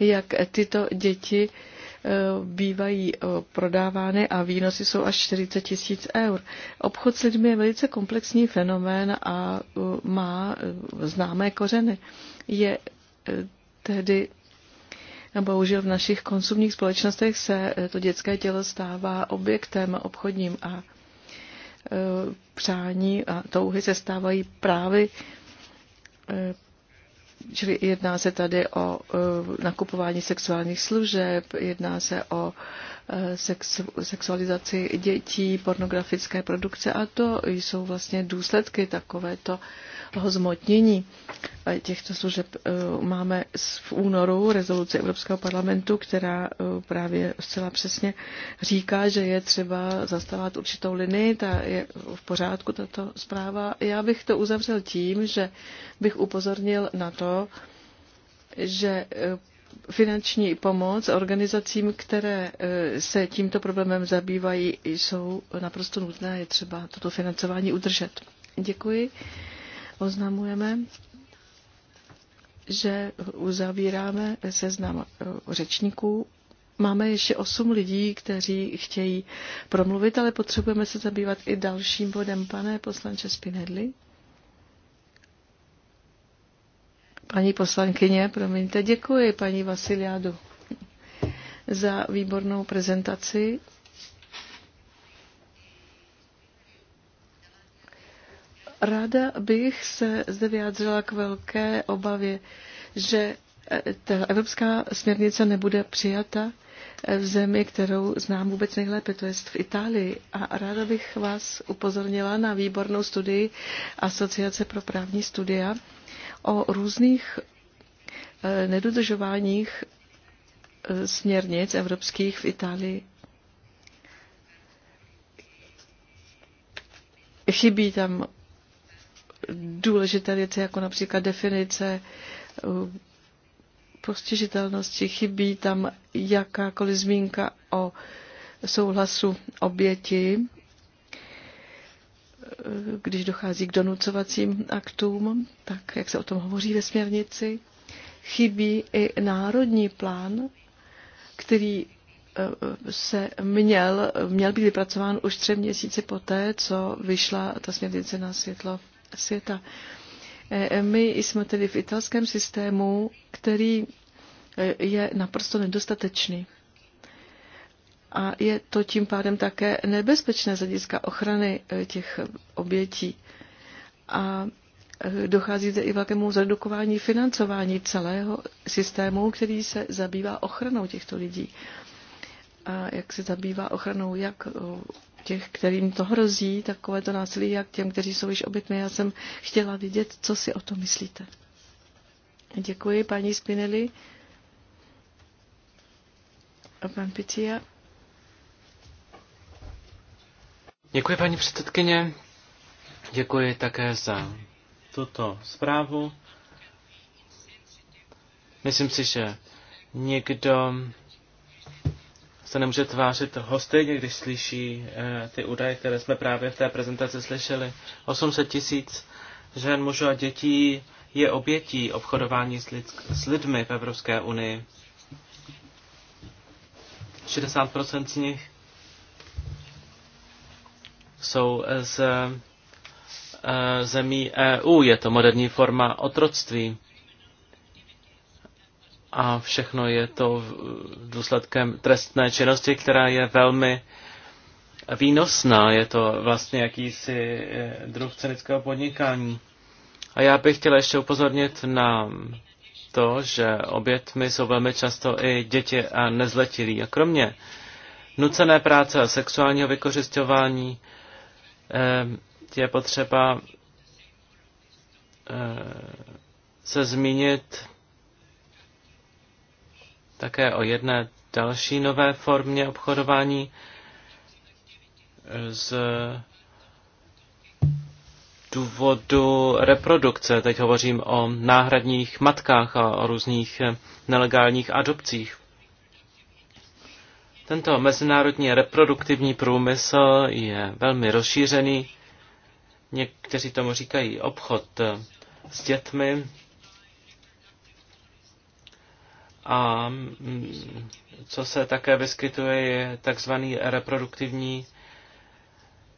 jak tyto děti eh, bývají eh, prodávány a výnosy jsou až 40 tisíc eur. Obchod s lidmi je velice komplexní fenomén a eh, má známé kořeny. Je tedy Bohužel v našich konsumních společnostech se eh, to dětské tělo stává objektem obchodním a eh, přání a touhy se stávají právě, eh, čili jedná se tady o nakupování sexuálních služeb, jedná se o sexu, sexualizaci dětí, pornografické produkce a to jsou vlastně důsledky takovéto toho zmotnění eh, těchto služeb eh, máme v únoru rezoluci Evropského parlamentu, která eh, právě zcela přesně říká, že je třeba zastávat určitou linii, ta je v pořádku tato zpráva. Já bych to uzavřel tím, že bych upozornil na to, že finanční pomoc organizacím, které se tímto problémem zabývají, jsou naprosto nutné, je třeba toto financování udržet. Děkuji oznamujeme, že uzavíráme seznam eh, řečníků. Máme ještě osm lidí, kteří chtějí promluvit, ale potřebujeme se zabývat i dalším bodem. Pane poslanče Spinedli. Paní poslankyně, promiňte, děkuji paní Vasiliádu za výbornou prezentaci Ráda bych se zde vyjádřila k velké obavě, že eh, ta evropská směrnice nebude přijata eh, v zemi, kterou znám vůbec nejlépe, to je v Itálii. A ráda bych vás upozornila na výbornou studii Asociace pro právní studia o různých eh, nedodržováních směrnic evropských v Itálii. Chybí tam důležité věci, jako například definice uh, postižitelnosti, chybí tam jakákoliv zmínka o souhlasu oběti, uh, když dochází k donucovacím aktům, tak jak se o tom hovoří ve směrnici, chybí i národní plán, který uh, se měl, měl být vypracován už tři měsíce poté, co vyšla ta směrnice na světlo světa. E, e, my jsme tedy v italském systému, který e, je naprosto nedostatečný. A je to tím pádem také nebezpečné z hlediska ochrany těch obětí. A dochází zde i velkému zredukování financování celého systému, který se zabývá ochranou těchto lidí. A jak se zabývá ochranou jak těch, kterým to hrozí, to násilí, jak těm, kteří jsou již obytmi. Já jsem chtěla vidět, co si o to myslíte. Děkuji, paní Spinelli. A pan Pitia. Děkuji, paní předsedkyně. Děkuji také za tuto zprávu. Myslím si, že někdo se nemůže tvářit hostejně, když slyší eh, ty údaje, které jsme právě v té prezentaci slyšeli. 800 tisíc žen, mužů a dětí je obětí obchodování s, lid, s lidmi v Evropské unii. 60% z nich jsou eh, z eh, zemí EU. Je to moderní forma otroctví a všechno je to důsledkem trestné činnosti, která je velmi výnosná. Je to vlastně jakýsi eh, druh cenického podnikání. A já bych chtěl ještě upozornit na to, že obětmi jsou velmi často i děti a nezletilí. A kromě nucené práce a sexuálního vykořišťování eh, je potřeba eh, se zmínit také o jedné další nové formě obchodování z důvodu reprodukce. Teď hovořím o náhradních matkách a o různých nelegálních adopcích. Tento mezinárodní reproduktivní průmysl je velmi rozšířený. Někteří tomu říkají obchod s dětmi. A mm, co se také vyskytuje, je takzvaný reproduktivní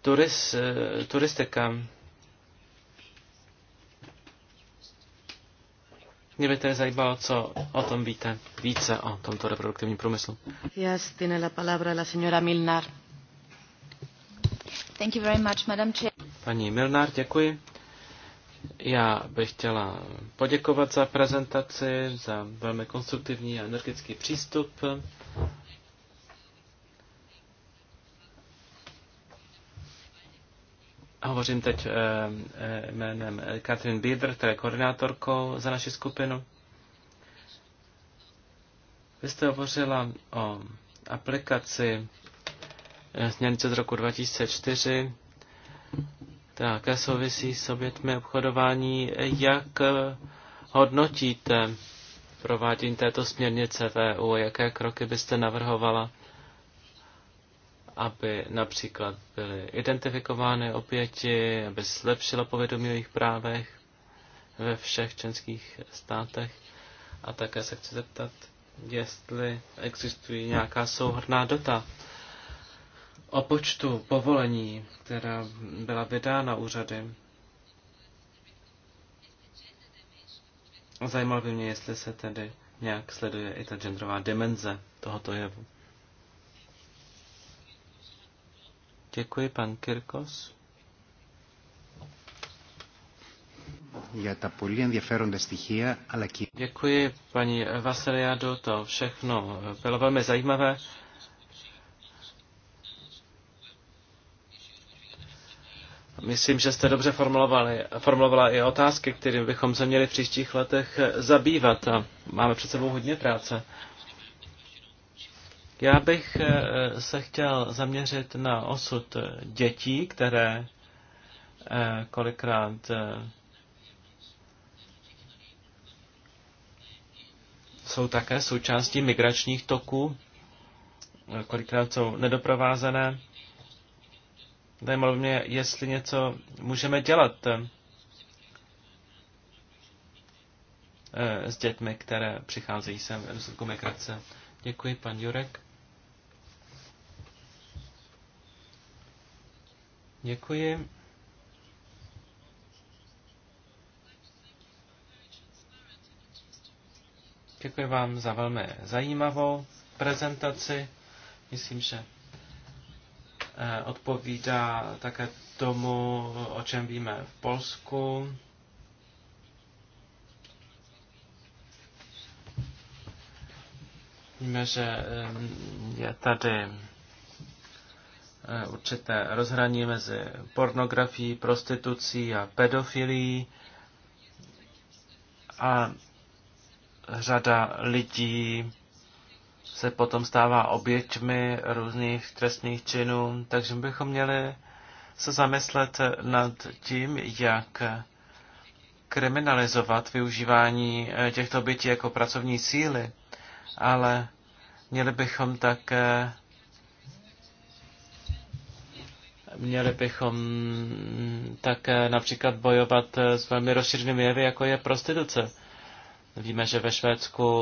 turis, eh, turistika. Mě by tedy zajímalo, co o tom víte více o tomto reproduktivním průmyslu. Yes, tiene la palabra la señora Milnar. Thank you very much, Madam Chair. Paní Milnar, děkuji. Já bych chtěla poděkovat za prezentaci, za velmi konstruktivní a energický přístup. Hovořím teď eh, eh, jménem Katrin Bieber, která je koordinátorkou za naši skupinu. Vy jste hovořila o aplikaci eh, směrnice z roku 2004 také souvisí s obětmi obchodování. Jak eh, hodnotíte provádění této směrnice v EU? Jaké kroky byste navrhovala, aby například byly identifikovány oběti, aby zlepšila povědomí o jejich právech ve všech členských státech? A také se chci zeptat, jestli existují nějaká souhrná data o počtu povolení, která byla vydána úřady. Zajímalo by mě, jestli se tedy nějak sleduje i ta genderová dimenze tohoto jevu. Děkuji, pan Kirkos. Děkuji, paní Vasiliado, to všechno bylo velmi zajímavé, Myslím, že jste dobře formulovali, formulovala i otázky, kterým bychom se měli v příštích letech zabývat a máme před sebou hodně práce. Já bych eh, se chtěl zaměřit na osud dětí, které eh, kolikrát eh, jsou také součástí migračních toků, kolikrát jsou nedoprovázené zajímalo mě, jestli něco můžeme dělat eh, s dětmi, které přicházejí sem do důsledku migrace. Děkuji, pan Jurek. Děkuji. Děkuji vám za velmi zajímavou prezentaci. Myslím, že Eh, odpovídá také tomu, o čem víme v Polsku. Víme, že eh, je tady eh, určité rozhraní mezi pornografií, prostitucí a pedofilií a řada lidí se potom stává oběťmi různých trestných činů, takže bychom měli se zamyslet nad tím, jak kriminalizovat využívání eh, těchto bytí jako pracovní síly, ale měli bychom také měli bychom také například bojovat s velmi rozšířenými jevy, jako je prostituce Víme, že ve Švédsku,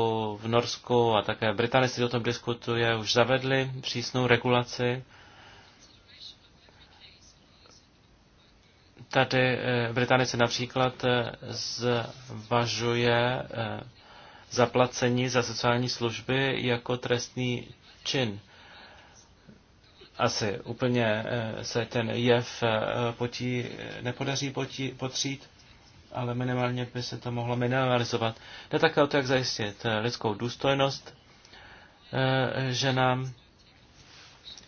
v Norsku a také v Británii si o tom diskutuje, už zavedli přísnou regulaci. Tady se eh, například eh, zvažuje eh, zaplacení za sociální služby jako trestný čin. Asi úplně se ten jev potí, nepodaří potí, potřít ale minimálně by se to mohlo minimalizovat. Jde také o to, jak zajistit eh, lidskou důstojnost eh, ženám.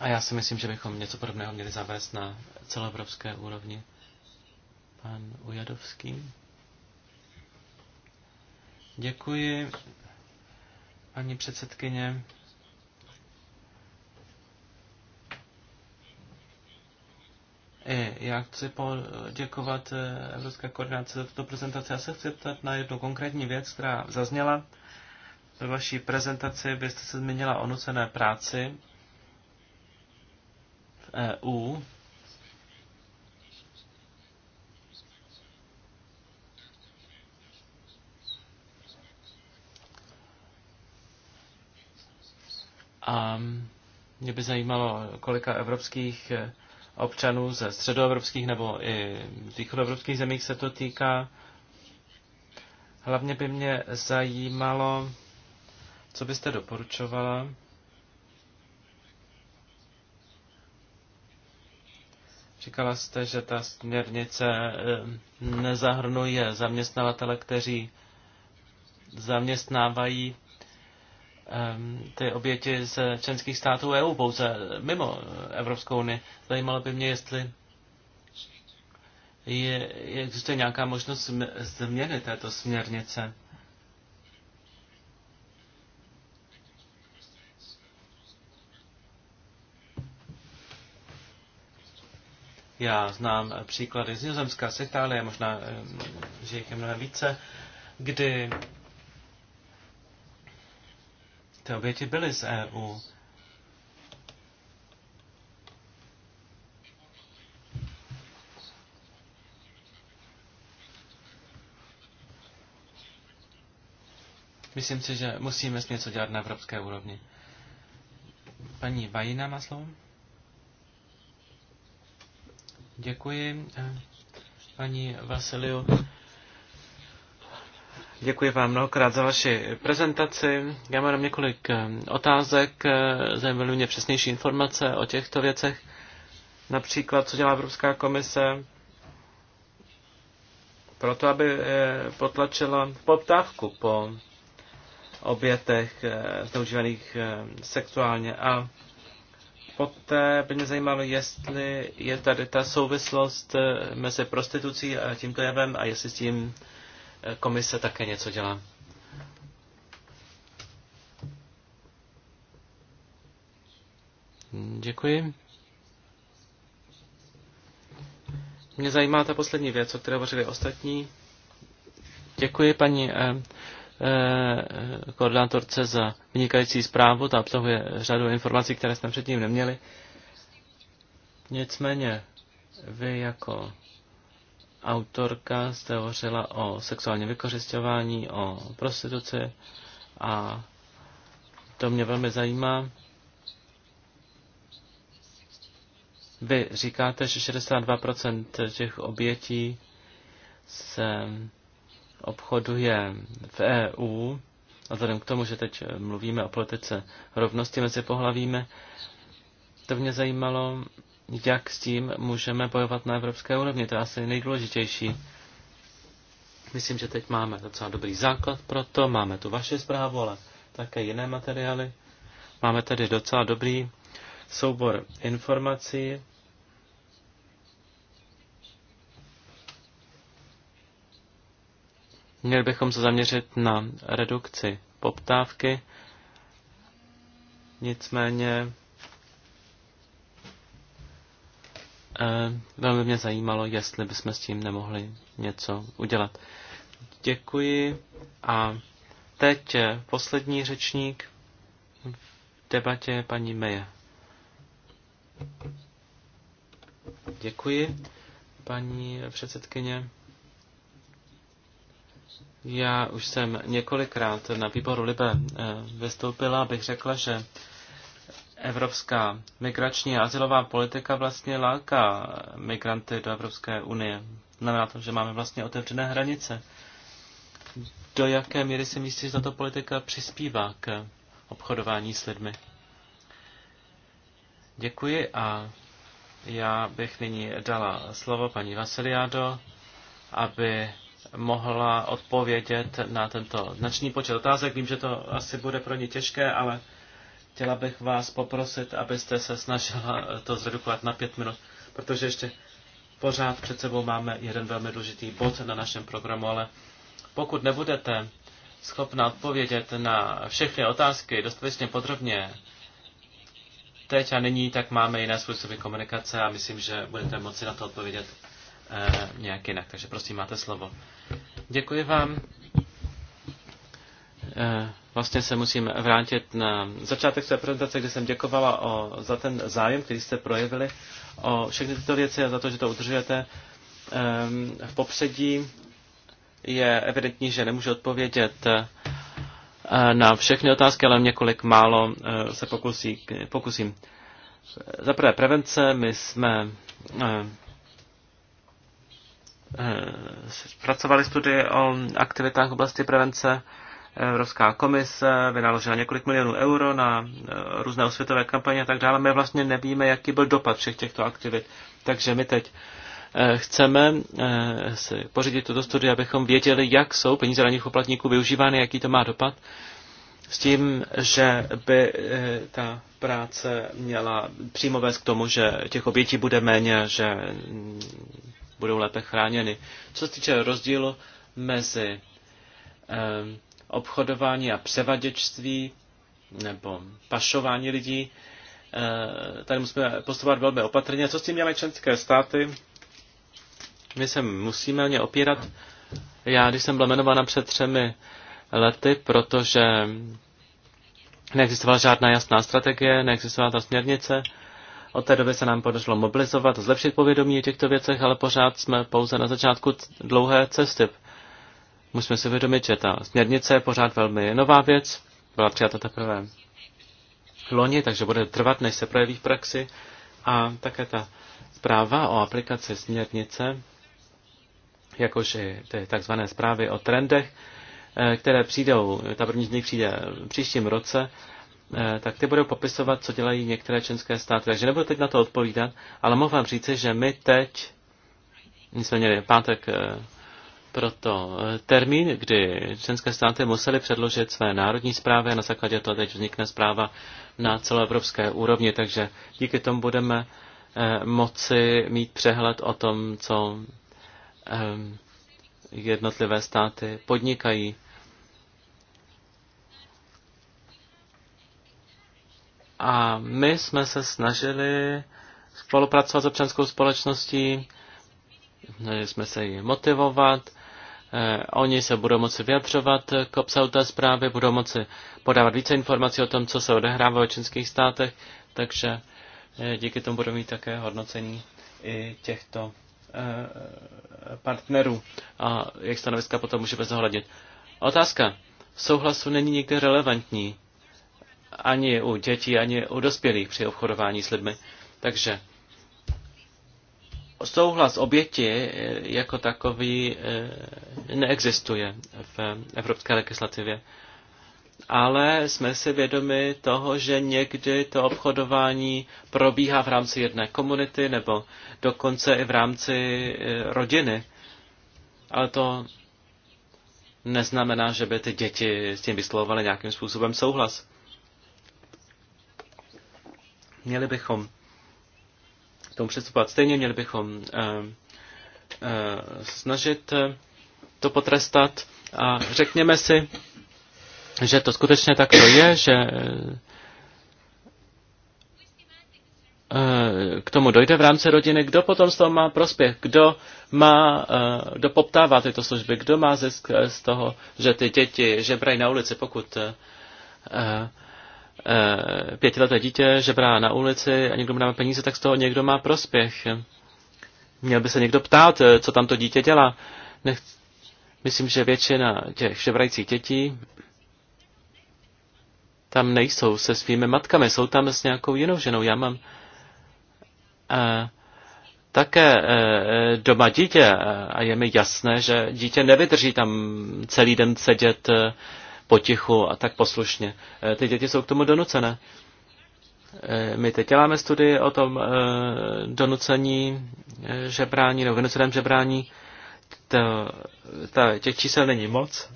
A já si myslím, že bychom něco podobného měli zavést na celoevropské úrovni. Pan Ujadovský. Děkuji, paní předsedkyně. E, já chci poděkovat e, Evropské koordinace za tuto prezentaci. Já se chci ptat na jednu konkrétní věc, která zazněla. Ve vaší prezentaci byste se zmínila o nucené práci v EU. A mě by zajímalo, kolika evropských e, občanů ze středoevropských nebo i východoevropských zemích se to týká. Hlavně by mě zajímalo, co byste doporučovala. Říkala jste, že ta směrnice eh, nezahrnuje zaměstnavatele, kteří zaměstnávají Ehm, ty oběti z členských států EU, pouze mimo Evropskou unii. Zajímalo by mě, jestli je, existuje nějaká možnost změny této směrnice. Já znám příklady z Nizozemska, z Itálie, možná, ehm, že jich je mnohem více, kdy ty oběti byly z EU. Myslím si, že musíme s něco dělat na evropské úrovni. Paní Vajina má slovo. Děkuji, eh, paní Vasiliu. Děkuji vám mnohokrát za vaši prezentaci. Já mám několik eh, otázek, eh, zajímaly mě přesnější informace o těchto věcech. Například, co dělá Evropská komise pro to, aby eh, potlačila poptávku po obětech zneužívaných sexuálně. A poté by mě zajímalo, jestli je tady ta souvislost mezi prostitucí a tímto jevem a jestli s tím komise také něco dělá. Děkuji. Mě zajímá ta poslední věc, o které hovořili ostatní. Děkuji paní eh, eh, koordinátorce za vynikající zprávu. Ta obsahuje řadu informací, které jsme předtím neměli. Nicméně vy jako autorka zde hovořila o sexuálním vykořišťování, o prostituci a to mě velmi zajímá. Vy říkáte, že 62% těch obětí se obchoduje v EU, a vzhledem k tomu, že teď mluvíme o politice rovnosti mezi pohlavíme. to mě zajímalo, jak s tím můžeme bojovat na evropské úrovni. To je asi nejdůležitější. Myslím, že teď máme docela dobrý základ pro to. Máme tu vaše zprávu, ale také jiné materiály. Máme tady docela dobrý soubor informací. Měli bychom se zaměřit na redukci poptávky. Nicméně Eh, velmi mě zajímalo, jestli bychom s tím nemohli něco udělat. Děkuji a teď eh, poslední řečník v debatě paní Meje. Děkuji, paní předsedkyně. Já už jsem několikrát na výboru Libe eh, vystoupila, abych řekla, že Evropská migrační a asilová politika vlastně láká migranty do Evropské unie. Znamená to, že máme vlastně otevřené hranice. Do jaké míry si myslíš, že tato politika přispívá k obchodování s lidmi? Děkuji a já bych nyní dala slovo paní Vasiliádo, aby mohla odpovědět na tento značný počet otázek. Vím, že to asi bude pro ně těžké, ale Chtěla bych vás poprosit, abyste se snažila to zredukovat na pět minut, protože ještě pořád před sebou máme jeden velmi důležitý bod na našem programu, ale pokud nebudete schopna odpovědět na všechny otázky dostatečně podrobně teď a nyní, tak máme jiné způsoby komunikace a myslím, že budete moci na to odpovědět eh, nějak jinak. Takže prosím, máte slovo. Děkuji vám. Eh, vlastně se musím vrátit na začátek své prezentace, kde jsem děkovala o, za ten zájem, který jste projevili o všechny tyto věci a za to, že to udržujete. Eh, v popředí je evidentní, že nemůžu odpovědět eh, na všechny otázky, ale několik málo se pokusí, pokusím. Za prvé prevence, my jsme pracovali studie o aktivitách v oblasti prevence Evropská komise vynaložila několik milionů euro na eh, různé osvětové kampaně a tak dále. My vlastně nevíme, jaký byl dopad všech těchto aktivit. Takže my teď eh, chceme eh, si pořídit tuto studii, abychom věděli, jak jsou peníze daných poplatníků využívány, jaký to má dopad, s tím, že by ta práce měla přímo vést k tomu, že těch obětí bude méně, že budou lépe chráněny. Co se týče rozdílu mezi obchodování a převaděčství nebo pašování lidí. Eh, tady musíme postupovat velmi opatrně. Co s tím dělají členské státy? My se musíme o ně opírat. Já, když jsem byl jmenována před třemi lety, protože neexistovala žádná jasná strategie, neexistovala ta směrnice, od té doby se nám podařilo mobilizovat, zlepšit povědomí o těchto věcech, ale pořád jsme pouze na začátku dlouhé cesty musíme si vědomit, že ta směrnice je pořád velmi nová věc, byla přijata teprve loni, takže bude trvat, než se projeví v praxi. A také ta zpráva o aplikaci směrnice, jakož i ty takzvané zprávy o trendech, eh, které přijdou, ta první z nich přijde v příštím roce, eh, tak ty budou popisovat, co dělají některé členské státy. Takže nebudu teď na to odpovídat, ale mohu vám říct, že my teď, my jsme měli pátek eh, proto eh, termín, kdy členské státy musely předložit své národní zprávy a na základě toho teď vznikne zpráva na celoevropské úrovni, takže díky tomu budeme eh, moci mít přehled o tom, co eh, jednotlivé státy podnikají. A my jsme se snažili spolupracovat s občanskou společností, snažili jsme se ji motivovat, Eh, oni se budou moci vyjadřovat k obsahu té zprávy, budou moci podávat více informací o tom, co se odehrává ve členských státech, takže eh, díky tomu budou mít také hodnocení i těchto eh, partnerů a jejich stanoviska potom můžeme zohlednit. Otázka souhlasu není nikdy relevantní ani u dětí, ani u dospělých při obchodování s lidmi. Takže souhlas oběti eh, jako takový eh, neexistuje v evropské legislativě. Ale jsme si vědomi toho, že někdy to obchodování probíhá v rámci jedné komunity nebo dokonce i v rámci eh, rodiny. Ale to neznamená, že by ty děti s tím vyslovovaly nějakým způsobem souhlas. Měli bychom tomu přistupovat stejně, měli bychom eh, eh, snažit eh, to potrestat a řekněme si, že to skutečně takto je, že k tomu dojde v rámci rodiny, kdo potom z toho má prospěch, kdo má, kdo poptává tyto služby, kdo má zisk z toho, že ty děti žebrají na ulici, pokud Eh, pětileté dítě žebrá na ulici a někdo mu dá peníze, tak z toho někdo má prospěch. Měl by se někdo ptát, eh, co tam to dítě dělá. Nech... Myslím, že většina těch žebrajících dětí tam nejsou se svými matkami, jsou tam s nějakou jinou ženou. Já mám eh, také eh, doma dítě a je mi jasné, že dítě nevydrží tam celý den sedět potichu a tak poslušně. Eh, ty děti jsou k tomu donucené. Eh, my teď děláme studii o tom eh, donucení žebrání nebo vynuceném žebrání. To, ta, těch čísel není moc,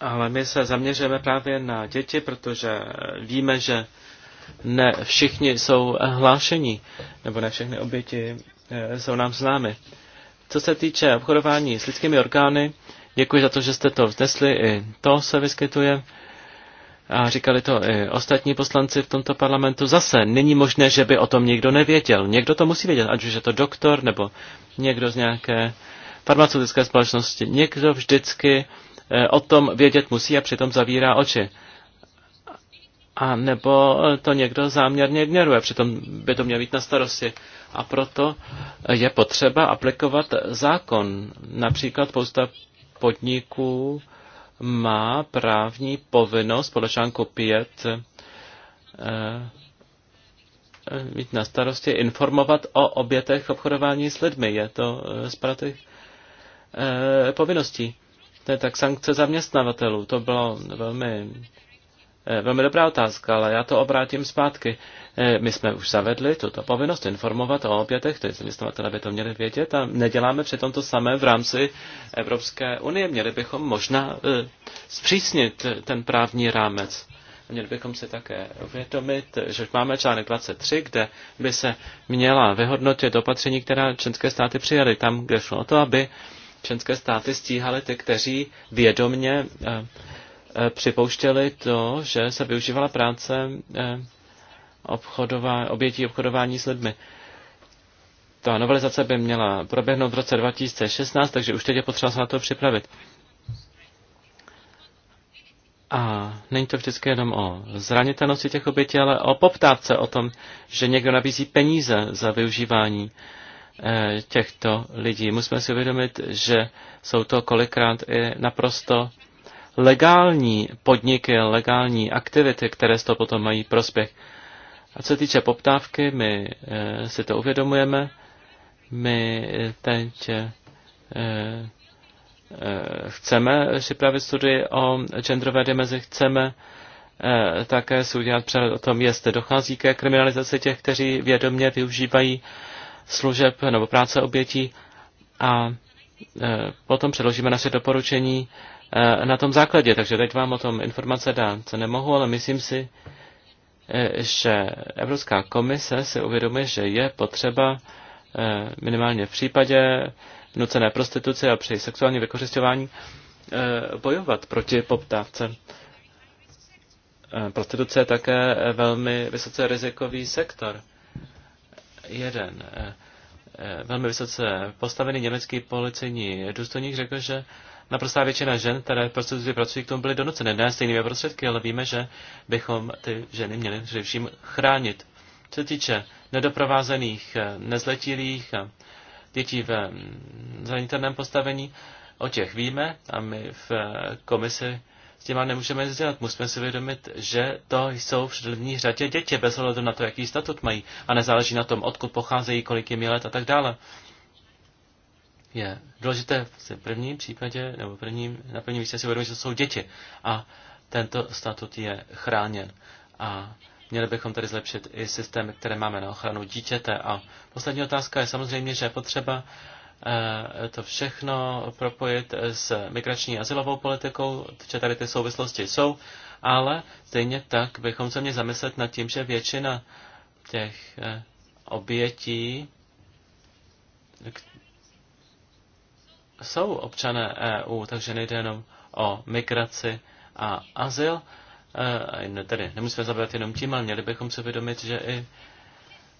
ale my se zaměřujeme právě na děti, protože víme, že ne všichni jsou hlášení, nebo ne všechny oběti jsou nám známy. Co se týče obchodování s lidskými orgány, Děkuji za to, že jste to vznesli, i to se vyskytuje. A říkali to i ostatní poslanci v tomto parlamentu. Zase není možné, že by o tom někdo nevěděl. Někdo to musí vědět, ať už je to doktor nebo někdo z nějaké farmaceutické společnosti. Někdo vždycky eh, o tom vědět musí a přitom zavírá oči. A nebo to někdo záměrně ignoruje, přitom by to mělo být na starosti. A proto je potřeba aplikovat zákon, například pousta podniků má právní povinnost podle článku 5 eh, eh, mít na starosti informovat o obětech obchodování s lidmi. Je to eh, z těch povinností. To je tak sankce zaměstnavatelů. To bylo velmi Eh, velmi dobrá otázka, ale já to obrátím zpátky. Eh, my jsme už zavedli tuto povinnost informovat o obětech, je zaměstnavatele by to měli vědět a neděláme přitom to samé v rámci Evropské unie. Měli bychom možná eh, zpřísnit ten právní rámec. Měli bychom si také uvědomit, že máme článek 23, kde by se měla vyhodnotit opatření, která členské státy přijaly tam, kde šlo o to, aby členské státy stíhaly ty, kteří vědomně Eh, připouštěli to, že se využívala práce eh, obchodová, obětí obchodování s lidmi. Ta novelizace by měla proběhnout v roce 2016, takže už teď je potřeba se na to připravit. A není to vždycky jenom o zranitelnosti těch obětí, ale o poptávce, o tom, že někdo nabízí peníze za využívání eh, těchto lidí. Musíme si uvědomit, že jsou to kolikrát i naprosto legální podniky, legální aktivity, které z toho potom mají prospěch. A co se týče poptávky, my eh, si to uvědomujeme. My eh, teď eh, chceme připravit studii o genderové dimenzi, chceme také si udělat přehled o tom, jestli dochází ke kriminalizaci těch, kteří vědomě využívají služeb nebo práce obětí a potom předložíme naše doporučení Eh, na tom základě. Takže teď vám o tom informace dát co nemohu, ale myslím si, eh, že Evropská komise si uvědomuje, že je potřeba eh, minimálně v případě nucené prostituce a při sexuálním vykořišťování bojovat proti poptávce. Prostituce je také velmi vysoce rizikový sektor. Jeden velmi vysoce postavený německý policejní důstojník řekl, že naprostá většina žen, které v prostituci pracují, k tomu byly donuceny. Ne stejnými prostředky, ale víme, že bychom ty ženy měli především chránit. Co se týče nedoprovázených, eh, nezletilých a dětí v mm, zranitelném postavení, o těch víme a my v eh, komisi s těma nemůžeme nic dělat. Musíme si vědomit, že to jsou v první řadě děti, bez ohledu na to, jaký statut mají. A nezáleží na tom, odkud pocházejí, kolik jim je let a tak dále je důležité v prvním případě, nebo prvním, na prvním místě si uvědomit, že to jsou děti. A tento statut je chráněn. A měli bychom tedy zlepšit i systémy, které máme na ochranu dítěte. A poslední otázka je samozřejmě, že je potřeba eh, to všechno propojit s migrační azylovou politikou, že tady ty souvislosti jsou, ale stejně tak bychom se měli zamyslet nad tím, že většina těch eh, obětí, jsou občané EU, takže nejde jenom o migraci a azyl. E, tedy nemusíme zabývat jenom tím, ale měli bychom si vědomit, že i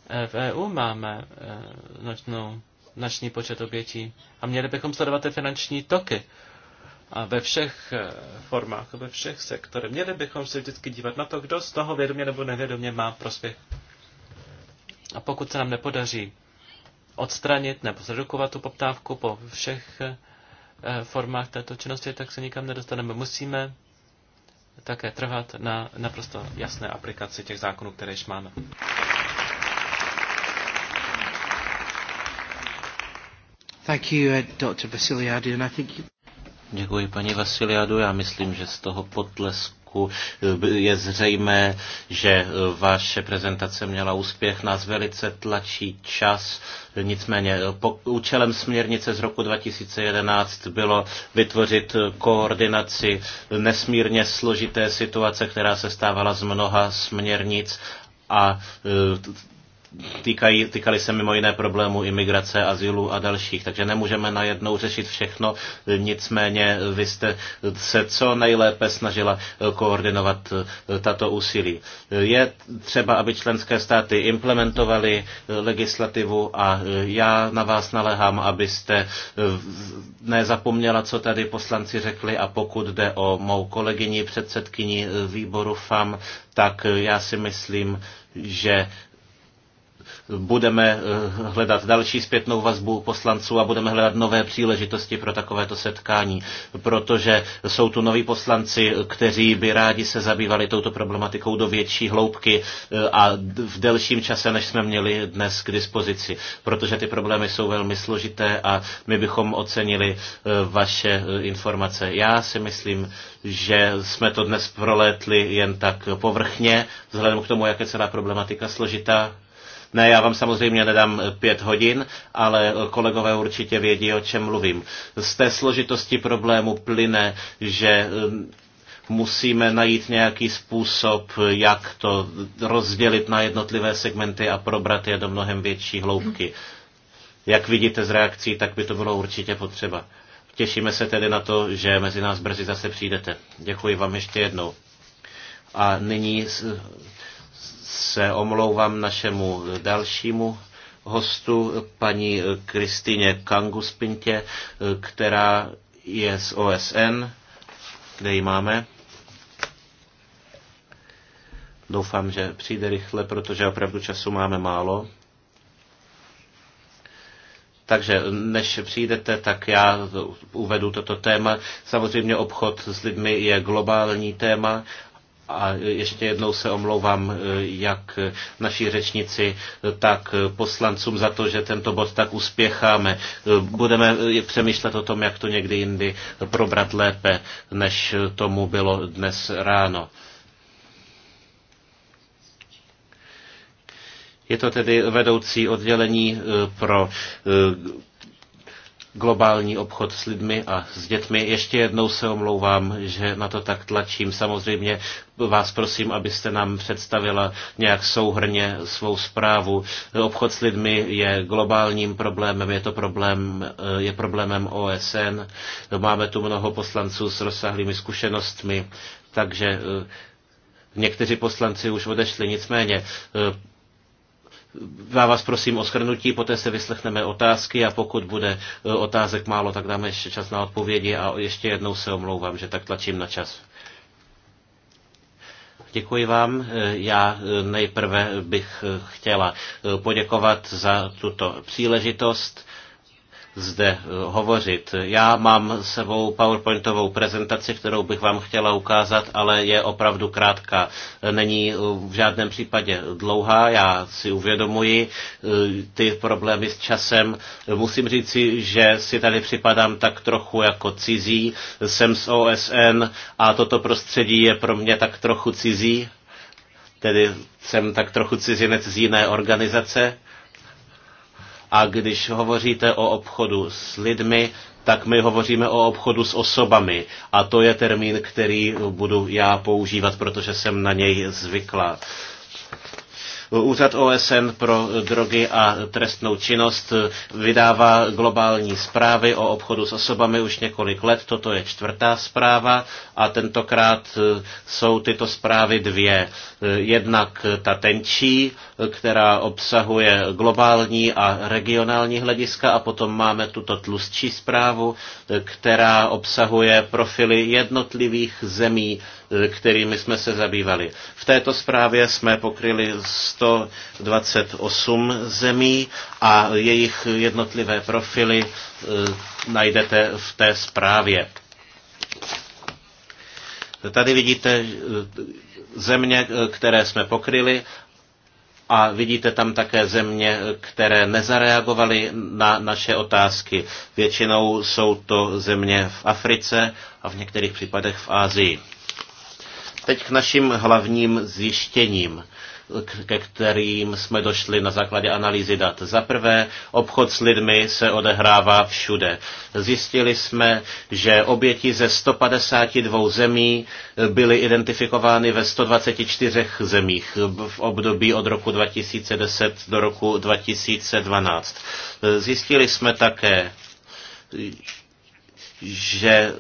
e, v EU máme e, značnou, značný počet obětí a měli bychom sledovat ty finanční toky a ve všech e, formách, ve všech sektorech. Měli bychom se vždycky dívat na to, kdo z toho vědomě nebo nevědomě má prospěch. A pokud se nám nepodaří odstranit nebo zredukovat tu poptávku po všech eh, formách této činnosti, tak se nikam nedostaneme. Musíme také trvat na naprosto jasné aplikaci těch zákonů, které již máme. Thank you, eh, Dr. Vasiliadu, and I think you... Děkuji, paní Vasiliadu. Já myslím, že z toho potlesku roku je zřejmé, že vaše prezentace měla úspěch, nás velice tlačí čas. Nicméně po, účelem směrnice z roku 2011 bylo vytvořit koordinaci nesmírně složité situace, která se stávala z mnoha směrnic a e, týkají, týkaly se mimo jiné problémů imigrace, azylu a dalších. Takže nemůžeme najednou řešit všechno, nicméně vy jste se co nejlépe snažila eh, koordinovat eh, tato úsilí. Je třeba, aby členské státy implementovaly eh, legislativu a já na vás naléhám, abyste nezapomněla, co tady poslanci řekli a pokud jde o mou kolegyni předsedkyni výboru FAM, tak já si myslím, že budeme eh, hledat další zpětnou vazbu poslanců a budeme hledat nové příležitosti pro takovéto setkání, protože jsou tu noví poslanci, kteří by rádi se zabývali touto problematikou do větší hloubky eh, a v delším čase, než jsme měli dnes k dispozici, protože ty problémy jsou velmi složité a my bychom ocenili eh, vaše informace. Já si myslím, že jsme to dnes prolétli jen tak povrchně, vzhledem k tomu, jak je celá problematika složitá ne, já vám samozřejmě nedám eh, pět hodin, ale eh, kolegové určitě vědí, o čem mluvím. Z té složitosti problému plyne, že eh, musíme najít nějaký způsob, jak to rozdělit na jednotlivé segmenty a probrat je do mnohem větší hloubky. Jak vidíte z reakcí, tak by to bylo určitě potřeba. Těšíme se tedy na to, že mezi nás brzy zase přijdete. Děkuji vám ještě jednou. A nyní se omlouvám našemu dalšímu hostu, paní Kristýně Kanguspintě, která je z OSN, kde ji máme. Doufám, že přijde rychle, protože opravdu času máme málo. Takže než přijdete, tak já uvedu toto téma. Samozřejmě obchod s lidmi je globální téma a ještě jednou se omlouvám eh, jak naší řečnici, eh, tak poslancům za to, že tento bod tak uspěcháme. Eh, budeme přemýšlet o tom, jak to někdy jindy probrat lépe, než tomu bylo dnes ráno. Je to tedy vedoucí oddělení pro globální obchod s lidmi a s dětmi. Ještě jednou se omlouvám, že na to tak tlačím. Samozřejmě vás prosím, abyste nám představila nějak souhrně svou zprávu. Obchod s lidmi je globálním problémem, je to problém, je problémem OSN. Máme tu mnoho poslanců s rozsáhlými zkušenostmi, takže eh, Někteří poslanci už odešli, nicméně eh, já vás prosím o shrnutí, poté se vyslechneme otázky a pokud bude e, otázek málo, tak dáme ještě čas na odpovědi a ještě jednou se omlouvám, že tak tlačím na čas. Děkuji vám. E, Já e, nejprve bych chtěla poděkovat za tuto příležitost zde eh, hovořit. Já mám s sebou PowerPointovou prezentaci, kterou bych vám chtěla ukázat, ale je opravdu krátká. Eh, není eh, v žádném případě dlouhá, já si uvědomuji ty problémy s časem. Musím říci, že si tady připadám tak trochu jako cizí. Jsem z OSN a toto prostředí je pro mě tak trochu cizí. Tedy jsem tak trochu cizinec z jiné organizace a když hovoříte o obchodu s lidmi, tak my hovoříme o obchodu s osobami. A to je termín, který budu já používat, protože jsem na něj zvykla. Úřad OSN pro drogy a trestnou činnost vydává globální zprávy o obchodu s osobami už několik let. Toto je čtvrtá zpráva a tentokrát e, jsou tyto zprávy dvě. E, jednak ta tenčí, která obsahuje globální a regionální hlediska a potom máme tuto tlustší zprávu, e, která obsahuje profily jednotlivých zemí kterými jsme se zabývali. V této zprávě jsme pokryli 128 zemí a jejich jednotlivé profily e, najdete v té zprávě. Tady vidíte e, země, e, které jsme pokryli a vidíte tam také země, které nezareagovaly na naše otázky. Většinou jsou to země v Africe a v některých případech v Ázii. Teď k našim hlavním zjištěním ke kterým jsme došli na základě analýzy dat. Za prvé, obchod s lidmi se odehrává všude. Zjistili jsme, že oběti ze 152 zemí byly identifikovány ve 124 zemích v období od roku 2010 do roku 2012. Zjistili jsme také, že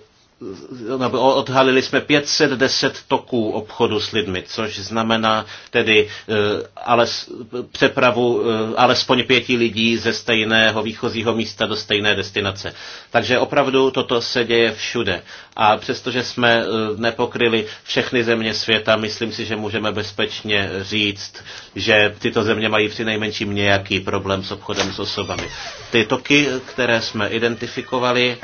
No, odhalili jsme 510 toků obchodu s lidmi, což znamená tedy eh, ale, přepravu eh, alespoň pěti lidí ze stejného výchozího místa do stejné destinace. Takže opravdu toto se děje všude. A přestože jsme eh, nepokryli všechny země světa, myslím si, že můžeme bezpečně říct, že tyto země mají nejmenším nějaký problém s obchodem s osobami. Ty toky, které jsme identifikovali,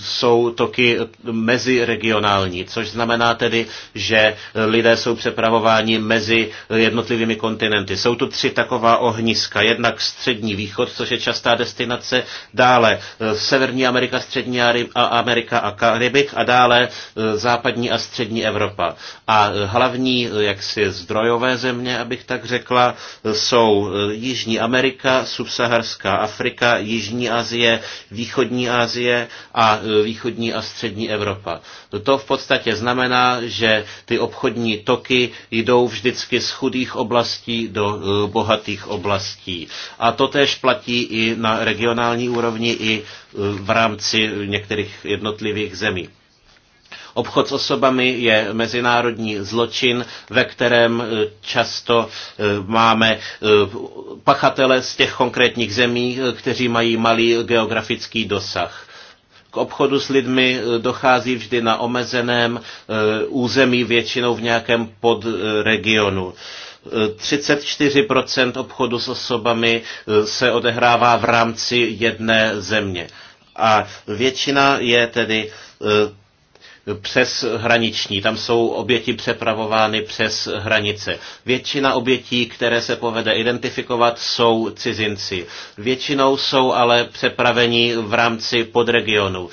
jsou toky meziregionální, což znamená tedy, že lidé jsou přepravováni mezi jednotlivými kontinenty. Jsou tu tři taková ohniska. Jednak střední východ, což je častá destinace, dále eh, Severní Amerika, Střední Amerika a Karibik a dále eh, západní a střední Evropa. A eh, hlavní jaksi zdrojové země, abych tak řekla, jsou Jižní Amerika, subsaharská Afrika, Jižní Asie, Východní Asie a a e, východní a střední Evropa. No to v podstatě znamená, že ty obchodní toky jdou vždycky z chudých oblastí do e, bohatých oblastí. A to též platí i na regionální úrovni, i e, v rámci některých jednotlivých zemí. Obchod s osobami je mezinárodní zločin, ve kterém často máme pachatele z těch konkrétních zemí, kteří mají malý geografický dosah obchodu s lidmi e, dochází vždy na omezeném e, území, většinou v nějakém podregionu. 34% e, obchodu s osobami se odehrává v rámci jedné země. A většina je tedy přes hraniční. Tam jsou oběti přepravovány přes hranice. Většina obětí, které se povede identifikovat, jsou cizinci. Většinou jsou ale přepraveni v rámci podregionu.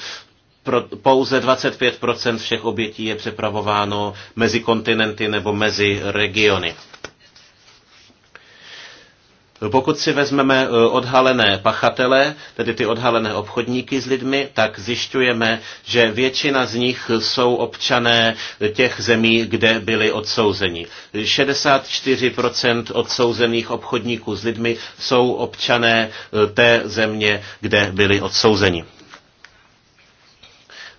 Pro, pouze 25% všech obětí je přepravováno mezi kontinenty nebo mezi regiony. Pokud si vezmeme e, odhalené pachatele, tedy ty odhalené obchodníky s lidmi, tak zjišťujeme, že většina z nich jsou občané těch zemí, kde byli odsouzeni. 64% odsouzených obchodníků s lidmi jsou občané e, té země, kde byli odsouzeni.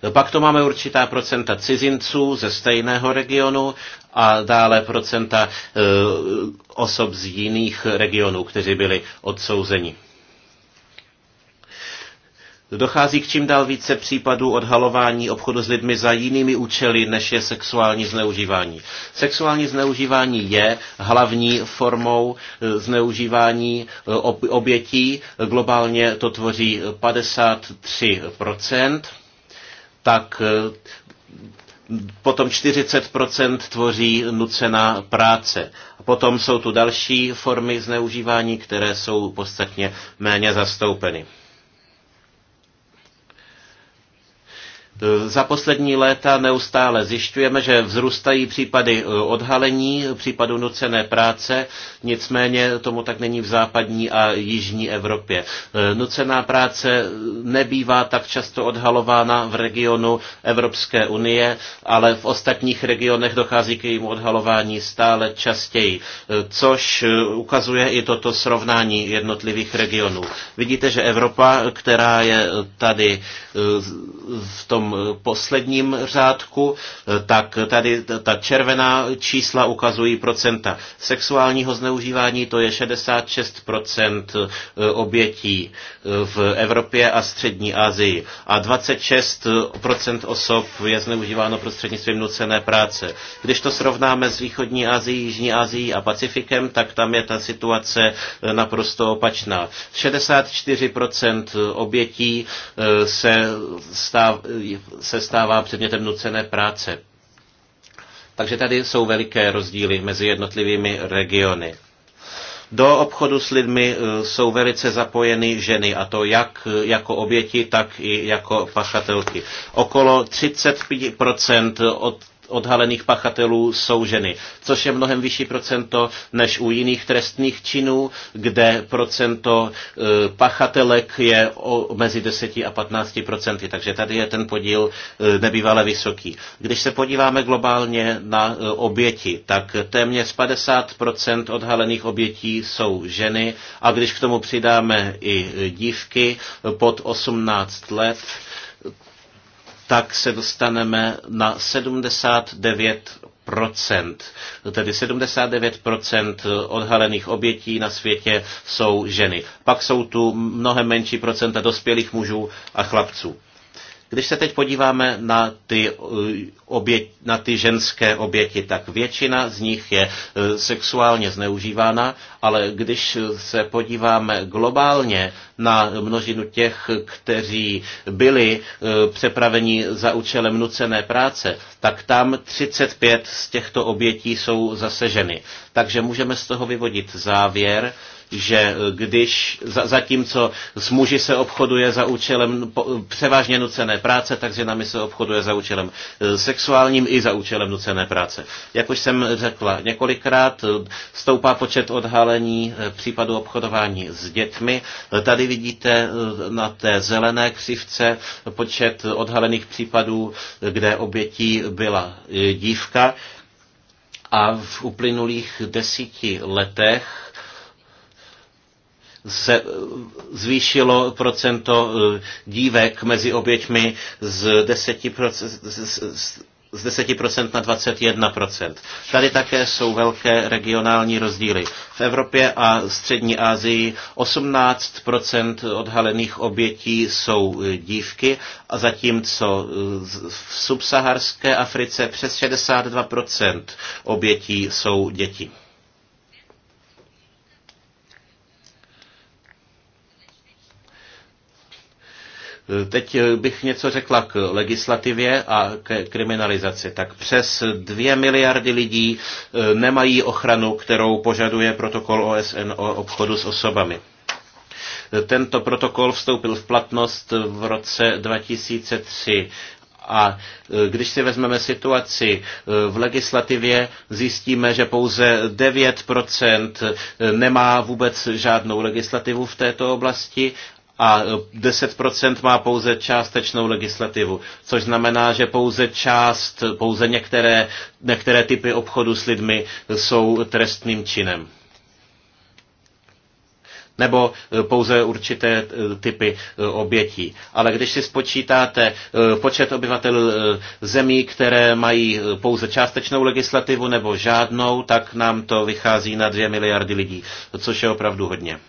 No, pak to máme určitá procenta cizinců ze stejného regionu a dále procenta e, osob z jiných regionů, kteří byli odsouzeni. Dochází k čím dál více případů odhalování obchodu s lidmi za jinými účely, než je sexuální zneužívání. Sexuální zneužívání je hlavní formou e, zneužívání e, obětí. Globálně to tvoří 53 tak eh, potom 40% tvoří nucená práce. Potom jsou tu další formy zneužívání, které jsou podstatně méně zastoupeny. E, za poslední léta neustále zjišťujeme, že vzrůstají případy e, odhalení, případů nucené práce, nicméně tomu tak není v západní a jižní Evropě. E, nucená práce nebývá tak často odhalována v regionu Evropské unie, ale v ostatních regionech dochází k jejímu odhalování stále častěji, což ukazuje i toto srovnání jednotlivých regionů. Vidíte, že Evropa, která je tady v tom posledním řádku, tak tady ta červená čísla ukazují procenta sexuálního zneužívání, to je 66% obětí v Evropě a střední Asii a 26% osob je zneužíváno prostřednictvím nucené práce. Když to srovnáme s východní Asií, jižní Asií a Pacifikem, tak tam je ta situace naprosto opačná. 64% obětí se stáv, se stává předmětem nucené práce. Takže tady jsou veliké rozdíly mezi jednotlivými regiony. Do obchodu s lidmi e, jsou velice zapojeny ženy, a to jak jako oběti, tak i jako pachatelky. Okolo 35% od odhalených pachatelů jsou ženy, což je mnohem vyšší procento než u jiných trestných činů, kde procento e, pachatelek je o mezi 10 a 15 procenty, takže tady je ten podíl e, nebývale vysoký. Když se podíváme globálně na e, oběti, tak téměř 50 odhalených obětí jsou ženy a když k tomu přidáme i dívky pod 18 let, tak se dostaneme na 79 tedy 79% odhalených obětí na světě jsou ženy. Pak jsou tu mnohem menší procenta dospělých mužů a chlapců. Když se teď podíváme na ty, eh, oběť, na ty ženské oběti, tak většina z nich je eh, sexuálně zneužívána, ale když eh, se podíváme globálně na množinu těch, kteří byli přepraveni za účelem nucené práce, tak tam 35 z těchto obětí jsou zase ženy. Takže můžeme z toho vyvodit závěr, že když za, zatímco s muži se obchoduje za účelem po, převážně nucené práce, tak s ženami se obchoduje za účelem eh, sexuálním i za účelem nucené práce. Jak už jsem řekla několikrát, eh, stoupá počet odhalení eh, případů obchodování s dětmi. Tady vidíte na té zelené křivce počet odhalených případů, kde obětí byla dívka a v uplynulých desíti letech se eh, zvýšilo procento eh, dívek mezi oběťmi z 10%, z 10% na 21%. Tady také jsou velké regionální rozdíly. V Evropě a střední Asii 18% odhalených obětí jsou eh, dívky, a zatímco v subsaharské Africe přes 62% obětí jsou děti. Teď eh, bych něco řekla k legislativě a k kriminalizaci. Tak přes dvě miliardy lidí eh, nemají ochranu, kterou požaduje protokol OSN o obchodu s osobami. Eh, tento protokol vstoupil v platnost v roce 2003 a když si vezmeme situaci v legislativě, zjistíme, že pouze 9% nemá vůbec žádnou legislativu v této oblasti a 10% e, má pouze částečnou legislativu, což znamená, že pouze část, pouze některé, některé typy obchodu s lidmi jsou trestným činem. Nebo e, pouze určité e, typy obětí. Ale když si spočítáte počet obyvatel zemí, které mají pouze částečnou legislativu nebo žádnou, tak nám to vychází na 2 miliardy lidí, což je opravdu hodně.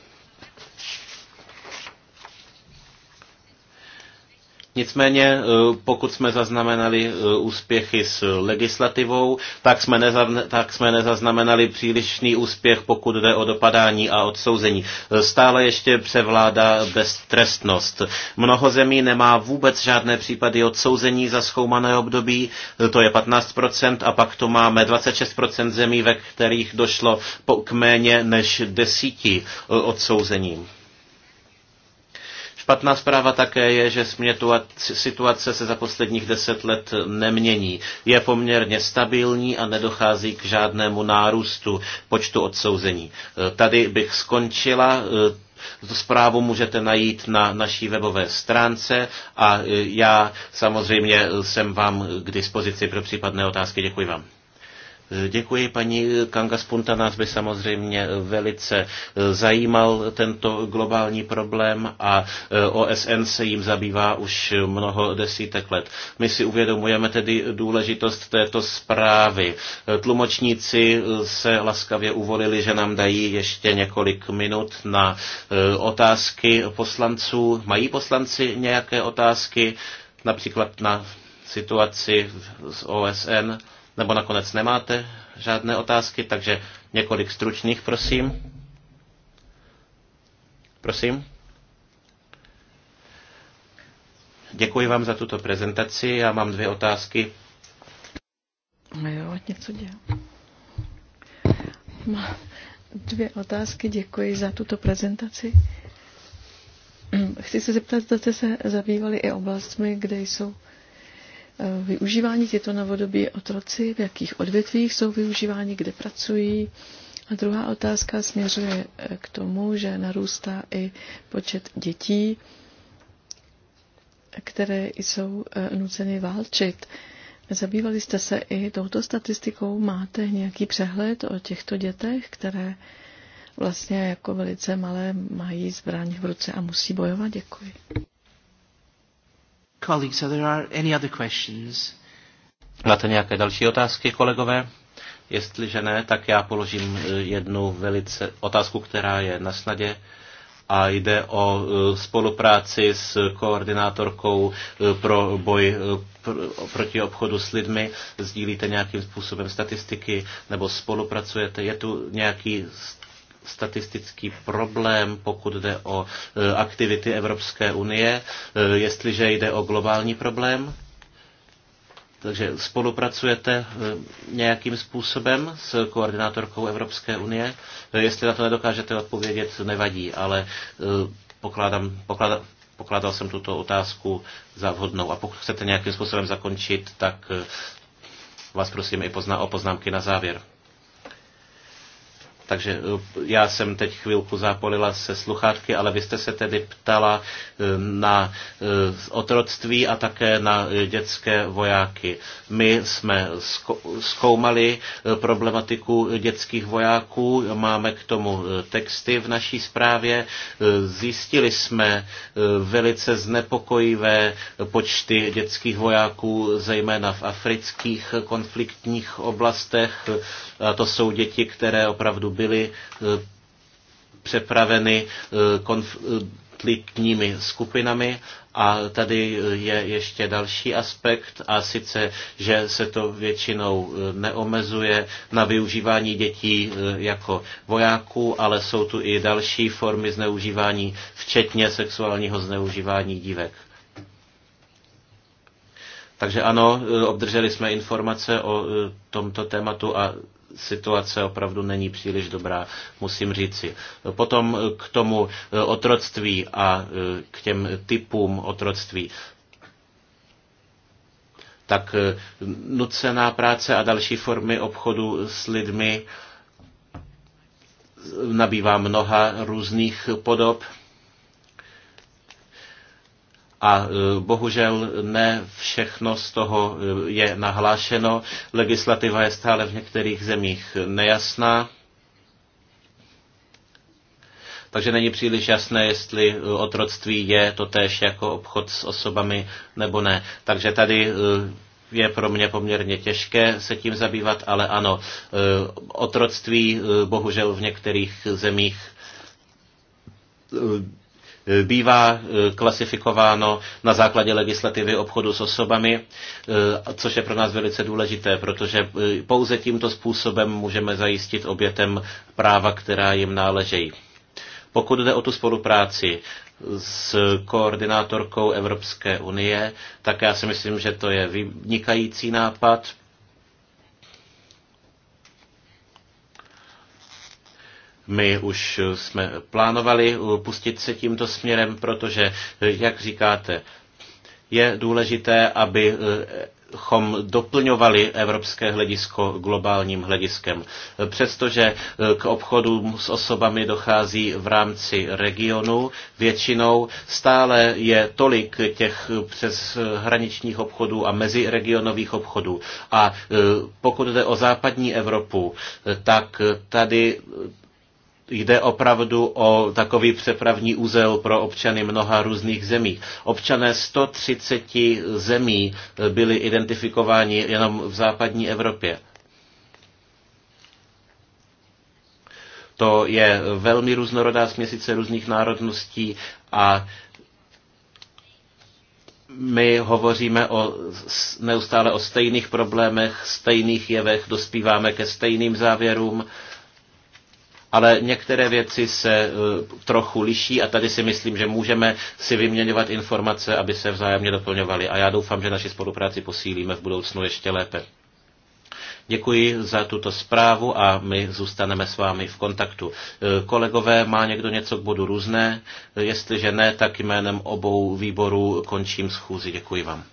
Nicméně, eh, pokud jsme zaznamenali eh, úspěchy s legislativou, tak jsme, nezazn- tak jsme nezaznamenali přílišný úspěch, pokud jde o dopadání a odsouzení. Eh, stále ještě převládá beztrestnost. Mnoho zemí nemá vůbec žádné případy odsouzení za zkoumané období, to je 15%, a pak to máme 26% zemí, ve kterých došlo k méně než desíti odsouzením. Špatná zpráva také je, že situace se za posledních deset let nemění. Je poměrně stabilní a nedochází k žádnému nárůstu počtu odsouzení. E, tady bych skončila. Tu e, zprávu můžete najít na naší webové stránce a e, já samozřejmě jsem vám k dispozici pro případné otázky. Děkuji vám. Děkuji paní Spunta. nás by samozřejmě velice eh, zajímal tento globální problém a eh, OSN se jim zabývá už mnoho desítek let. My si uvědomujeme tedy důležitost této zprávy. Eh, tlumočníci se laskavě uvolili, že nám dají ještě několik minut na otázky poslanců. Mají poslanci nějaké otázky, například na situaci z OSN? Nebo nakonec nemáte žádné otázky, takže několik stručných, prosím. Prosím. Děkuji vám za tuto prezentaci. Já mám dvě otázky. No jo, něco dělám. Má dvě otázky. Děkuji za tuto prezentaci. Chci se zeptat, zda jste se zabývali i oblastmi, kde jsou Eh, využívání těto novodobí otroci, v jakých odvětvích jsou využíváni, kde pracují. A druhá otázka směřuje eh, k tomu, že narůstá i počet dětí, které jsou eh, nuceny válčit. Zabývali jste se i touto statistikou? Máte nějaký přehled o těchto dětech, které vlastně jako velice malé mají zbraň v ruce a musí bojovat? Děkuji. Colleagues, are there any other questions? Máte nějaké další otázky, kolegové? Jestliže ne, tak já položím eh, jednu velice otázku, která je na snadě a jde o eh, spolupráci s koordinátorkou eh, pro boj proti obchodu s lidmi, sdílíte nějakým způsobem statistiky nebo spolupracujete. Je tu nějaký statistický problém, pokud jde o e, aktivity Evropské unie, e, jestliže jde o globální problém? Takže spolupracujete e, nějakým způsobem s koordinátorkou Evropské unie? Jestli na to nedokážete odpovědět, nevadí, ale pokládám, pokládám, pokládal jsem tuto otázku za vhodnou. A pokud chcete nějakým způsobem zakončit, tak vás prosím i pozna, o poznámky na závěr. Takže eh, já jsem teď chvilku zápolila se sluchátky, ale vy jste se tedy ptala eh, na eh, otroctví a také na dětské vojáky. My jsme zkoumali problematiku dětských vojáků, máme k tomu texty v naší zprávě, zjistili jsme velice znepokojivé počty dětských vojáků, zejména v afrických konfliktních oblastech. A to jsou děti, které opravdu byly eh, přepraveny eh, konfliktními skupinami a tady eh, je ještě další aspekt a sice, že se to většinou neomezuje na využívání dětí jako vojáků, ale jsou tu i další formy zneužívání, včetně sexuálního zneužívání dívek. Takže ano, obdrželi jsme informace o tomto tématu a situace opravdu není příliš dobrá, musím říci. Potom k tomu eh, otroctví a eh, k těm typům otroctví tak eh, nucená práce a další formy obchodu s lidmi nabývá mnoha různých podob a e, bohužel ne všechno z toho e, je nahlášeno. Legislativa je stále v některých zemích nejasná. Takže není příliš jasné, jestli e, otroctví je též jako obchod s osobami nebo ne. Takže tady je pro mě poměrně těžké se tím zabývat, ale ano, otroctví bohužel v některých zemích bývá e, klasifikováno na základě legislativy obchodu s osobami, e, což je pro nás velice důležité, protože e, pouze tímto způsobem můžeme zajistit obětem práva, která jim náležejí. Pokud jde o tu spolupráci, s koordinátorkou Evropské unie, tak já si myslím, že to je vynikající nápad, My už jsme plánovali pustit se tímto směrem, protože, jak říkáte, je důležité, aby chom doplňovali evropské hledisko globálním hlediskem. Přestože k obchodům s osobami dochází v rámci regionu, většinou stále je tolik těch přes hraničních obchodů a meziregionových obchodů. A e, pokud jde o západní Evropu, tak tady jde opravdu o takový přepravní úzel pro občany mnoha různých zemí. Občané 130 zemí byli identifikováni jenom v západní Evropě. To je velmi různorodá směsice různých národností a my hovoříme o, neustále o stejných problémech, stejných jevech, dospíváme ke stejným závěrům ale některé věci se eh, trochu liší a tady si myslím, že můžeme si vyměňovat informace, aby se vzájemně doplňovaly. A já doufám, že naši spolupráci posílíme v budoucnu ještě lépe. Děkuji za tuto zprávu a my zůstaneme s vámi v kontaktu. Eh, kolegové, má někdo něco k bodu různé? Jestliže ne, tak jménem obou výborů končím schůzi. Děkuji vám.